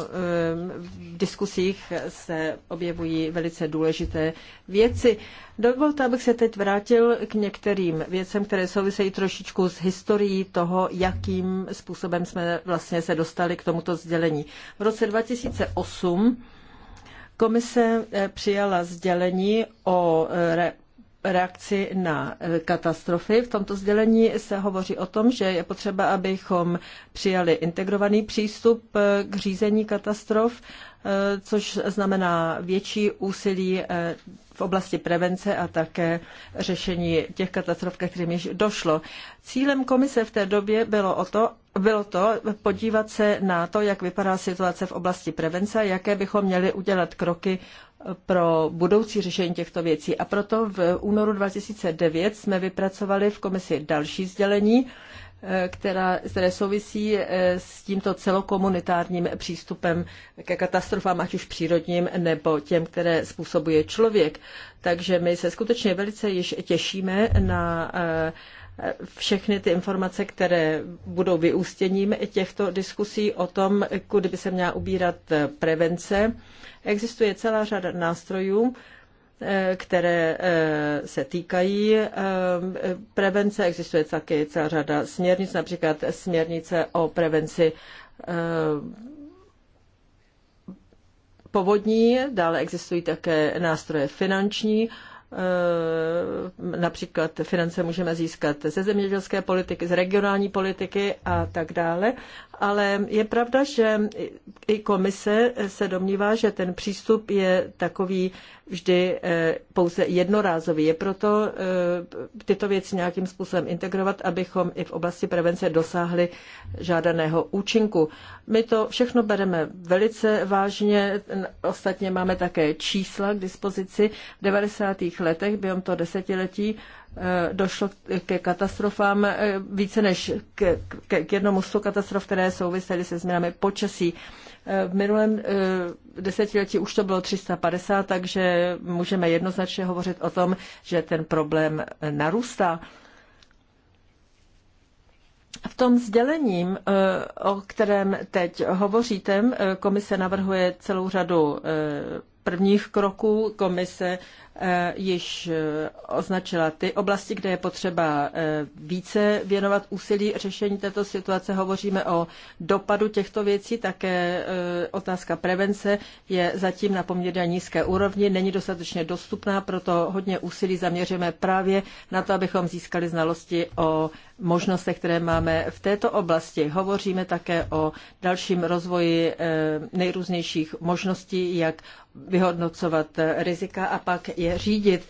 v diskusích se objevují velice důležité věci. Dovolte, abych se teď vrátil k některým věcem, které souvisejí trošičku s historií toho, jakým způsobem jsme vlastně se dostali k tomuto sdělení. V roce 2008 komise eh, přijala sdělení o eh, reakci na eh, katastrofy. V tomto sdělení se hovoří o tom, že je potřeba, abychom přijali integrovaný přístup eh, k řízení katastrof, eh, což znamená větší úsilí v oblasti prevence a také řešení těch katastrof, ke kterým již došlo. Cílem komise v té době bylo, o to, bylo to podívat se na to, jak vypadá situace v oblasti prevence a jaké bychom měli udělat kroky pro budoucí řešení těchto věcí. A proto v únoru 2009 jsme vypracovali v komisi další sdělení, eh, která, které souvisí eh, s tímto celokomunitárním přístupem ke katastrofám, ať už přírodním nebo těm, které způsobuje člověk. Takže my se skutečně velice již těšíme na eh, všechny ty informace, které budou vyústěním těchto diskusí o tom, kudy by se měla ubírat prevence Existuje celá řada nástrojů, eh, které eh, se týkají eh, prevence. Existuje také celá řada směrnic, například směrnice o prevenci povodní, dále existují také nástroje finanční, například finance můžeme získat ze zemědělské politiky, z regionální politiky a tak dále ale je pravda, že i komise se domnívá, že ten přístup je takový vždy eh, pouze jednorázový. Je proto eh, tyto věci nějakým způsobem integrovat, abychom i v oblasti prevence dosáhli žádaného účinku. My to všechno bereme velice vážně, ostatně máme také čísla k dispozici. V 90. letech, během toho desetiletí, Eh, došlo ke katastrofám, eh, více než k, k, k jednomu sto katastrof, které souvisely se změnami počasí. Eh, v minulém desetiletí už to bylo 350, takže můžeme jednoznačně hovořit o tom, že ten problém narůstá. V tom sdělením, o kterém teď hovoříte, komise navrhuje celou řadu prvních kroků. Komise Eh, již eh, označila ty oblasti, kde je potřeba eh, více věnovat úsilí řešení této situace. Hovoříme o dopadu těchto věcí, také otázka prevence je zatím na poměrně nízké úrovni, není dostatečně dostupná, proto hodně úsilí zaměříme právě na to, abychom získali znalosti o možnostech, které máme v této oblasti. Hovoříme také o dalším rozvoji nejrůznějších možností, jak vyhodnocovat rizika a pak je je řídit.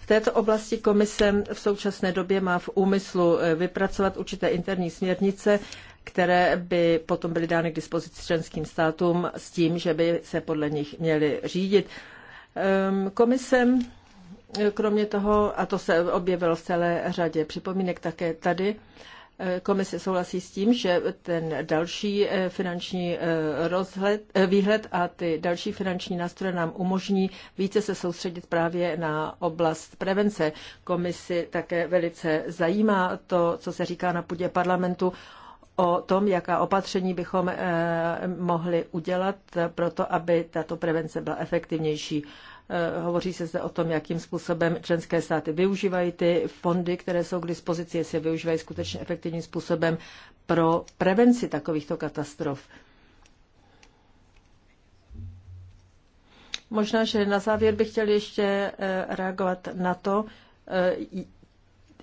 V této oblasti komise v současné době má v úmyslu eh, vypracovat určité interní směrnice, které by potom byly dány k dispozici členským státům s tím, že by se podle nich měly řídit. Ehm, Komisem eh, kromě toho, a to se objevilo v celé řadě připomínek také tady, Komise souhlasí s tím, že ten další eh, finanční eh, rozhled, eh, výhled a ty další finanční nástroje nám umožní více se soustředit právě na oblast prevence. Komisi také velice zajímá to, co se říká na půdě parlamentu o tom, jaká opatření bychom mohli udělat pro to, aby tato prevence byla efektivnější. Eh, hovoří se zde o tom, jakým způsobem členské státy využívají ty fondy, které jsou k dispozici, jestli je využívají skutečně efektivním způsobem pro prevenci takovýchto katastrof. Možná, že na závěr bych chtěl ještě eh, reagovat na to, eh,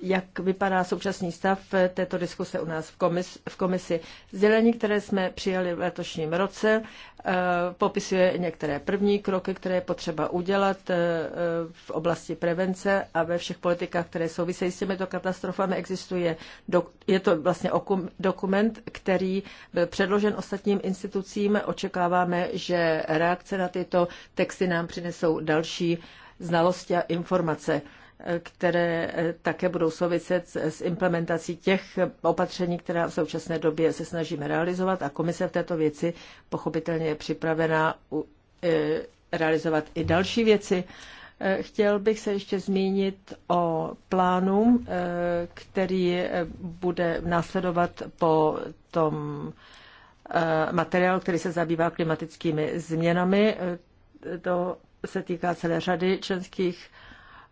jak vypadá současný stav této diskuse u nás v, komis, v komisi. Sdělení, které jsme přijali v letošním roce, eh, popisuje některé první kroky, které je potřeba udělat eh, v oblasti prevence a ve všech politikách, které souvisejí s těmito katastrofami, existuje, je to vlastně dokument, který byl předložen ostatním institucím. Očekáváme, že reakce na tyto texty nám přinesou další znalosti a informace které eh, také budou souviset s implementací těch opatření, která v současné době se snažíme realizovat a komise v této věci pochopitelně je připravena eh, realizovat i další věci. Eh, chtěl bych se ještě zmínit o plánu, který bude následovat po tom materiálu, který se zabývá klimatickými změnami. To se týká celé řady členských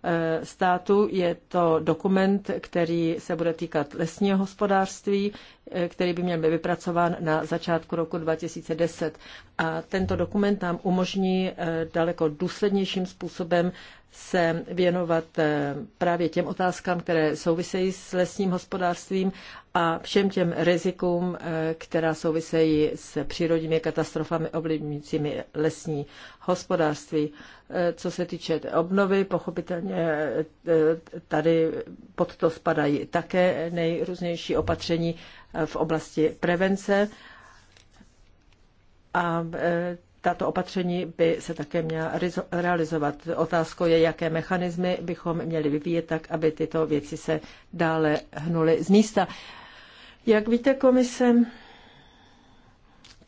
Eh, státu. Je to dokument, který se bude týkat lesního hospodářství, eh, který by měl být vypracován na začátku roku 2010. A tento dokument nám umožní eh, daleko důslednějším způsobem se věnovat eh, právě těm otázkám, které souvisejí s lesním hospodářstvím a všem těm rizikům, eh, která souvisejí s přírodními katastrofami ovlivňujícími lesní hospodářství. Eh, co se týče obnovy, pochopitelně tady pod to spadají také nejrůznější opatření v oblasti prevence. A tato opatření by se také měla realizovat. Otázkou je, jaké mechanismy bychom měli vyvíjet tak, aby tyto věci se dále hnuly z místa. Jak víte, komise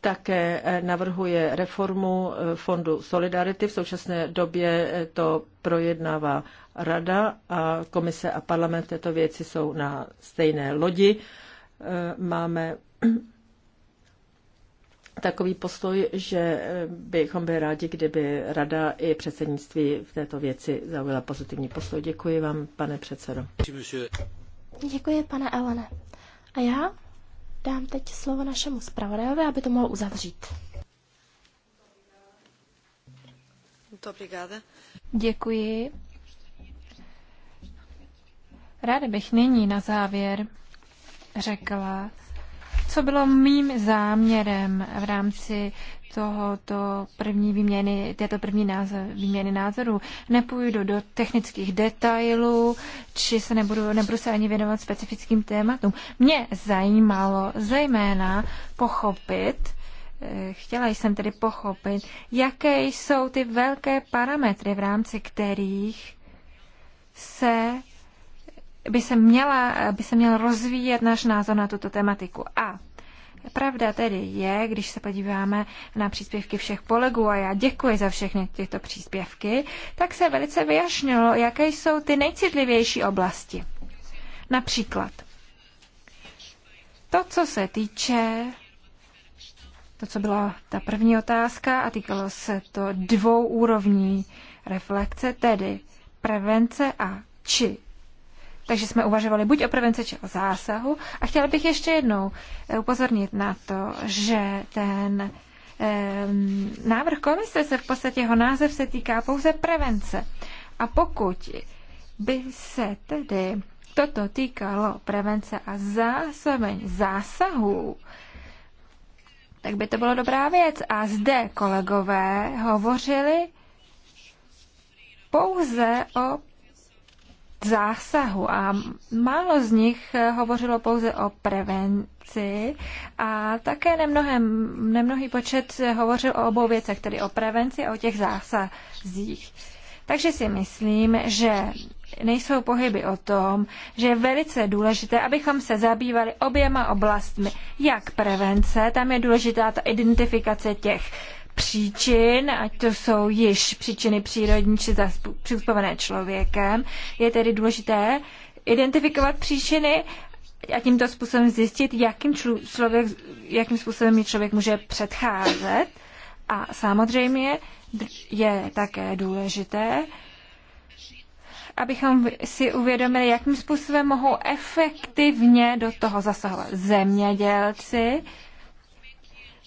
také navrhuje reformu eh, fondu Solidarity. V současné době eh, to projednává rada a komise a parlament v této věci jsou na stejné lodi. Eh, máme takový postoj, že eh, bychom byli rádi, kdyby rada i předsednictví v této věci zaujala pozitivní postoj. Děkuji vám, pane předsedo. Děkuji, pane Elene. A já dám teď slovo našemu zpravodajovi, aby to mohl uzavřít. Děkuji. Ráda bych nyní na závěr řekla, co bylo mým záměrem v rámci tohoto první výměny, této první názor, výměny názorů. Nepůjdu do technických detailů, či se nebudu, nebudu se ani věnovat specifickým tématům. Mě zajímalo zejména pochopit, eh, chtěla jsem tedy pochopit, jaké jsou ty velké parametry, v rámci kterých se by se, měla, by se měl rozvíjet náš názor na tuto tematiku. A Pravda tedy je, když se podíváme na příspěvky všech kolegů, a já děkuji za všechny tyto příspěvky, tak se velice vyjašnilo, jaké jsou ty nejcitlivější oblasti. Například to, co se týče, to, co byla ta první otázka a týkalo se to dvou úrovní reflekce, tedy prevence a či takže jsme uvažovali buď o prevenci či o zásahu. A chtěla bych ještě jednou eh, upozornit na to, že ten návrh komise se v podstatě jeho název se týká pouze prevence. A pokud by se tedy toto týkalo prevence a zásobeň zásahů, tak by to bylo dobrá věc. A zde kolegové hovořili pouze o zásahu a málo z nich eh, hovořilo pouze o prevenci a také nemnohem, nemnohý počet hovořil o obou věcech, tedy o prevenci a o těch zásazích. Takže si myslím, že nejsou pohyby o tom, že je velice důležité, abychom se zabývali oběma oblastmi. Jak prevence, tam je důležitá ta identifikace těch příčin, ať to jsou již příčiny přírodní či přizpůsobené člověkem. Je tedy důležité identifikovat příčiny a tímto způsobem zjistit, jakým, člu, člověk, jakým způsobem člověk může předcházet. A samozřejmě je také důležité, abychom si uvědomili, jakým způsobem mohou efektivně do toho zasahovat zemědělci,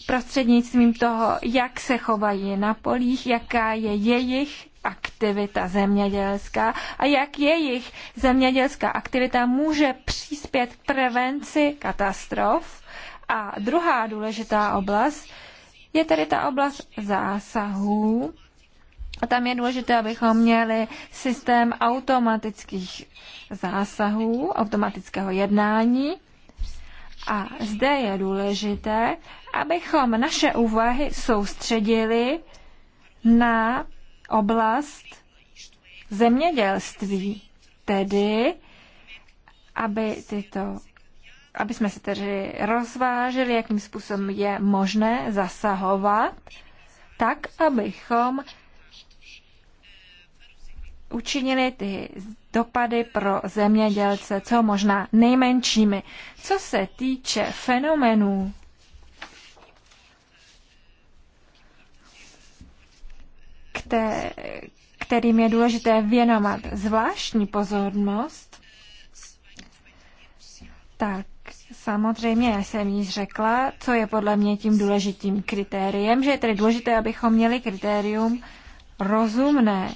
prostřednictvím toho, jak se chovají na polích, jaká je jejich aktivita zemědělská a jak jejich zemědělská aktivita může přispět k prevenci katastrof. A druhá důležitá oblast je tedy ta oblast zásahů. A tam je důležité, abychom měli systém automatických zásahů, automatického jednání, a zde je důležité, abychom naše úvahy soustředili na oblast zemědělství, tedy aby tyto aby jsme se tedy rozvážili, jakým způsobem je možné zasahovat, tak abychom učinili ty dopady pro zemědělce co možná nejmenšími. Co se týče fenomenů kterým je důležité věnovat zvláštní pozornost, tak samozřejmě, já jsem již řekla, co je podle mě tím důležitým kritériem, že je tedy důležité, abychom měli kritérium rozumné,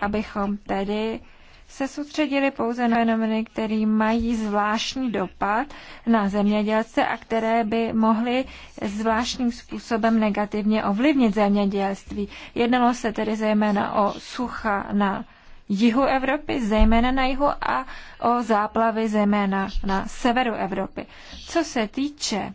abychom tedy se soustředili pouze na fenomény, které mají zvláštní dopad na zemědělce a které by mohly zvláštním způsobem negativně ovlivnit zemědělství. Jednalo se tedy zejména o sucha na jihu Evropy, zejména na jihu, a o záplavy zejména na severu Evropy. Co se týče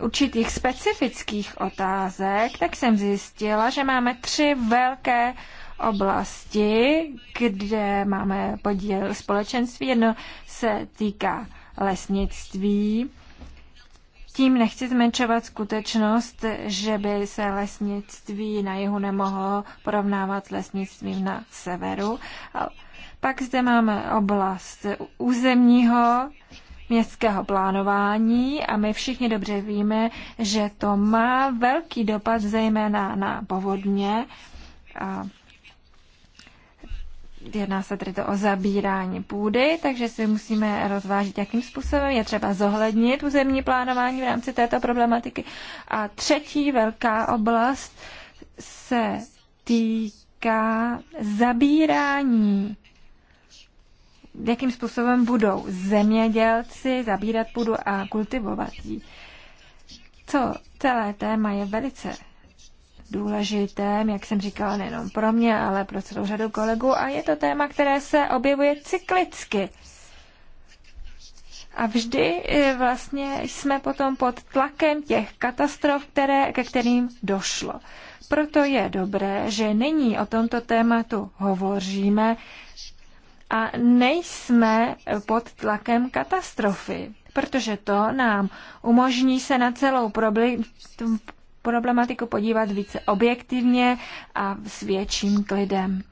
určitých specifických otázek, tak jsem zjistila, že máme tři velké oblasti, kde máme podíl společenství. Jedno se týká lesnictví. Tím nechci zmenšovat skutečnost, že by se lesnictví na jihu nemohlo porovnávat s lesnictvím na severu. Pak zde máme oblast územního městského plánování a my všichni dobře víme, že to má velký dopad zejména na povodně. A Jedná se tedy to o zabírání půdy, takže si musíme rozvážit, jakým způsobem je třeba zohlednit územní plánování v rámci této problematiky. A třetí velká oblast se týká zabírání jakým způsobem budou zemědělci zabírat půdu a kultivovat ji. Co celé téma je velice důležitém, jak jsem říkala, nejenom pro mě, ale pro celou řadu kolegů. A je to téma, které se objevuje cyklicky. A vždy eh, vlastně jsme potom pod tlakem těch katastrof, které, ke kterým došlo. Proto je dobré, že nyní o tomto tématu hovoříme a nejsme pod tlakem katastrofy, protože to nám umožní se na celou problematiku podívat více objektivně a s větším klidem.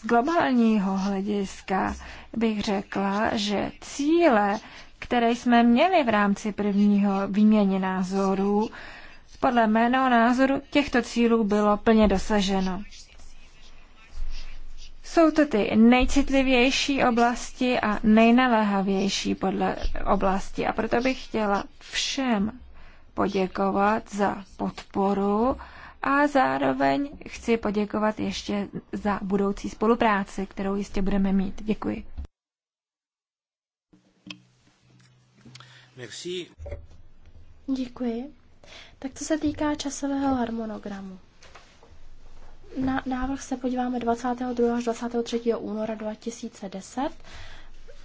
Z globálního hlediska bych řekla, že cíle, které jsme měli v rámci prvního výměně názorů, podle mého názoru těchto cílů bylo plně dosaženo. Jsou to ty nejcitlivější oblasti a nejnaléhavější podle oblasti a proto bych chtěla všem poděkovat za podporu a zároveň chci poděkovat ještě za budoucí spolupráci, kterou jistě budeme mít. Děkuji. Merci. Děkuji. Tak co se týká časového harmonogramu. Na návrh se podíváme 22. až 23. února 2010.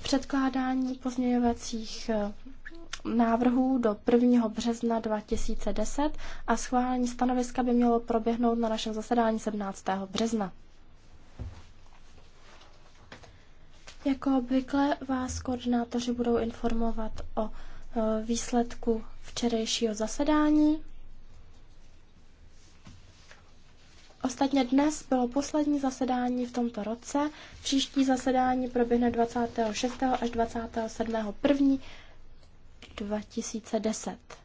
Předkládání pozměňovacích návrhů do 1. března 2010 a schválení stanoviska by mělo proběhnout na našem zasedání 17. března. Jako obvykle vás koordinátoři budou informovat o e, výsledku včerejšího zasedání. Ostatně dnes bylo poslední zasedání v tomto roce. Příští zasedání proběhne 26. až 27. 1. 2010.